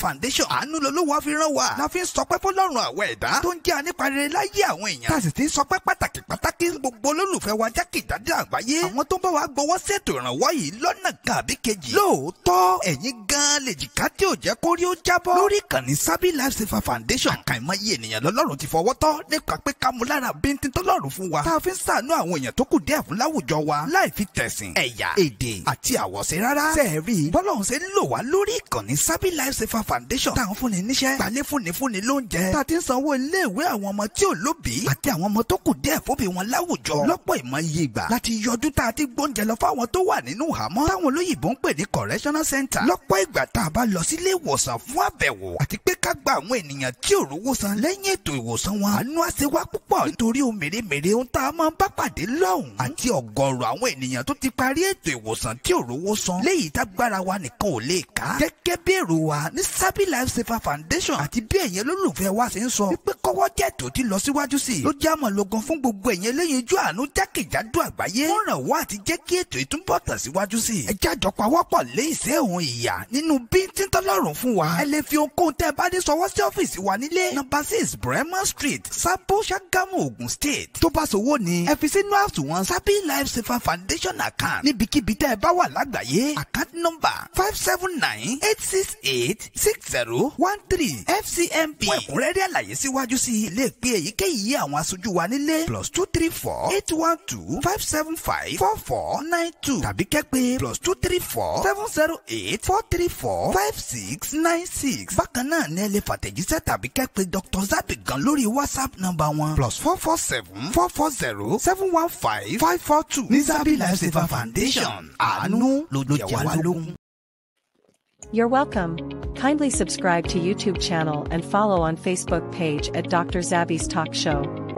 Foundation àánú lolówó fi ràn wá la fi ń sọpẹ́ fọlọ́run àwọ̀ ẹ̀dá tó ń jẹ́ aníparẹ́ láyé àwọn èèyàn tá sì ti ń sọpẹ́ pàtàkì pàtàkì gbogbo olólùfẹ́ wa jákèjádé àgbáyé àwọn tó ń bá wa gbọ́wọ́ sètò ìrànwọ́ yìí lọ́nà kan àbí kejì lóòótọ́ ẹ̀yin gan-an lè jìká tí ò jẹ́ kó rí ó jábọ́ lórí ìkànnì Zabby Life Saver Foundation àkàìmọye ènìyàn lọ́lọ́run ọlọ́run fún wa tá a fi ń ṣàánú àwọn èèyàn tó kù díẹ̀ fún láwùjọ wa láì fi tẹ̀sìn ẹ̀yà èdè àti àwọ̀ṣe rárá sẹ́ẹ̀rì bọ́lọ́run ṣe ń lò wá lórí ìkànnì Sabi Lifesaver Foundation tá à ń fúnni níṣẹ́ gbalé fúnni fúnni lóúnjẹ tá a ti ń sanwó iléèwé àwọn ọmọ tí ò lóbìí àti àwọn ọmọ tó kù díẹ̀ fóbi wọn láwùjọ lọ́pọ̀ ìmọ̀ iye ìgbà láti yọdún tá a ti gbóúnjẹ lọ fáwọn tó wà nínú ìhámọ́ táwọn olóyìnbó ń pè ní correctional center lọ́pọ̀ ìgbà tá a bá lọ sílé ìwòsàn fún àbẹ̀wò àti pé ká gba àwọn ènìyàn tí ò rówó san lẹ́yìn èrè ohun tá a máa bá pàdé lọ́hùn àti ọ̀gọ̀rọ̀ àwọn ènìyàn tó ti parí ètò ìwòsàn tí ò rówó san léyìí tágbára wa nìkan ò lè ká gẹ́gẹ́ bí èrò wa ní Sabi Life Saver Foundation àti bí ẹ̀yin olólùfẹ́ wa ṣe ń sọ wípé kọ́wọ́ jẹ́ tó ti lọ síwájú sí i ló já mọ̀ fún gbogbo ẹ̀yin eléyìí ojú àánú jákèjádò àgbáyé wọ́n ràn wá àti jẹ́ kí ètò ìtúbọ̀ tẹ̀síwájú sí i ẹ jájọ pawọ́pọ̀ lé ìṣẹ́ òun ìyà nínú bíntín tọ́lọ́run fún wa ẹ lè fi ohunkóhun tẹ́ ẹ bá ní sọwọ́ sí ọ́fíìsì wa nílé number six Bremer Street Sabo Ṣàgámù Ògùn State tó bá sòwò ni ẹ fi sínú àsùnwọ̀n sabi lifesaver foundation account níbikíbi tẹ́ ẹ bá wà lágbàáyé account number five seven nine eight six eight six zero one three fcmb fún ẹ̀kúnrẹ́rẹ́ àlàyé síwájú sí i lè pe èyíkéyìí àwọn aṣojú wa nílé plus two three four eight one two five seven five four four nine two tàbí kẹ́pẹ́ plus two three four seven zero eight four three four five six nine six bákan náà ní ẹ lè fàtẹ̀jíṣẹ́ tàbí kẹ́pẹ́ Dr. Zabi gan lórí WhatsApp number one plus four four seven four. four four zero seven one five five four two ní Zabby Lifesaver Foundation àánú ló jẹ lógún. You're welcome. Kindly subscribe to YouTube channel and follow on Facebook page at Dr. Zabi's Talk Show.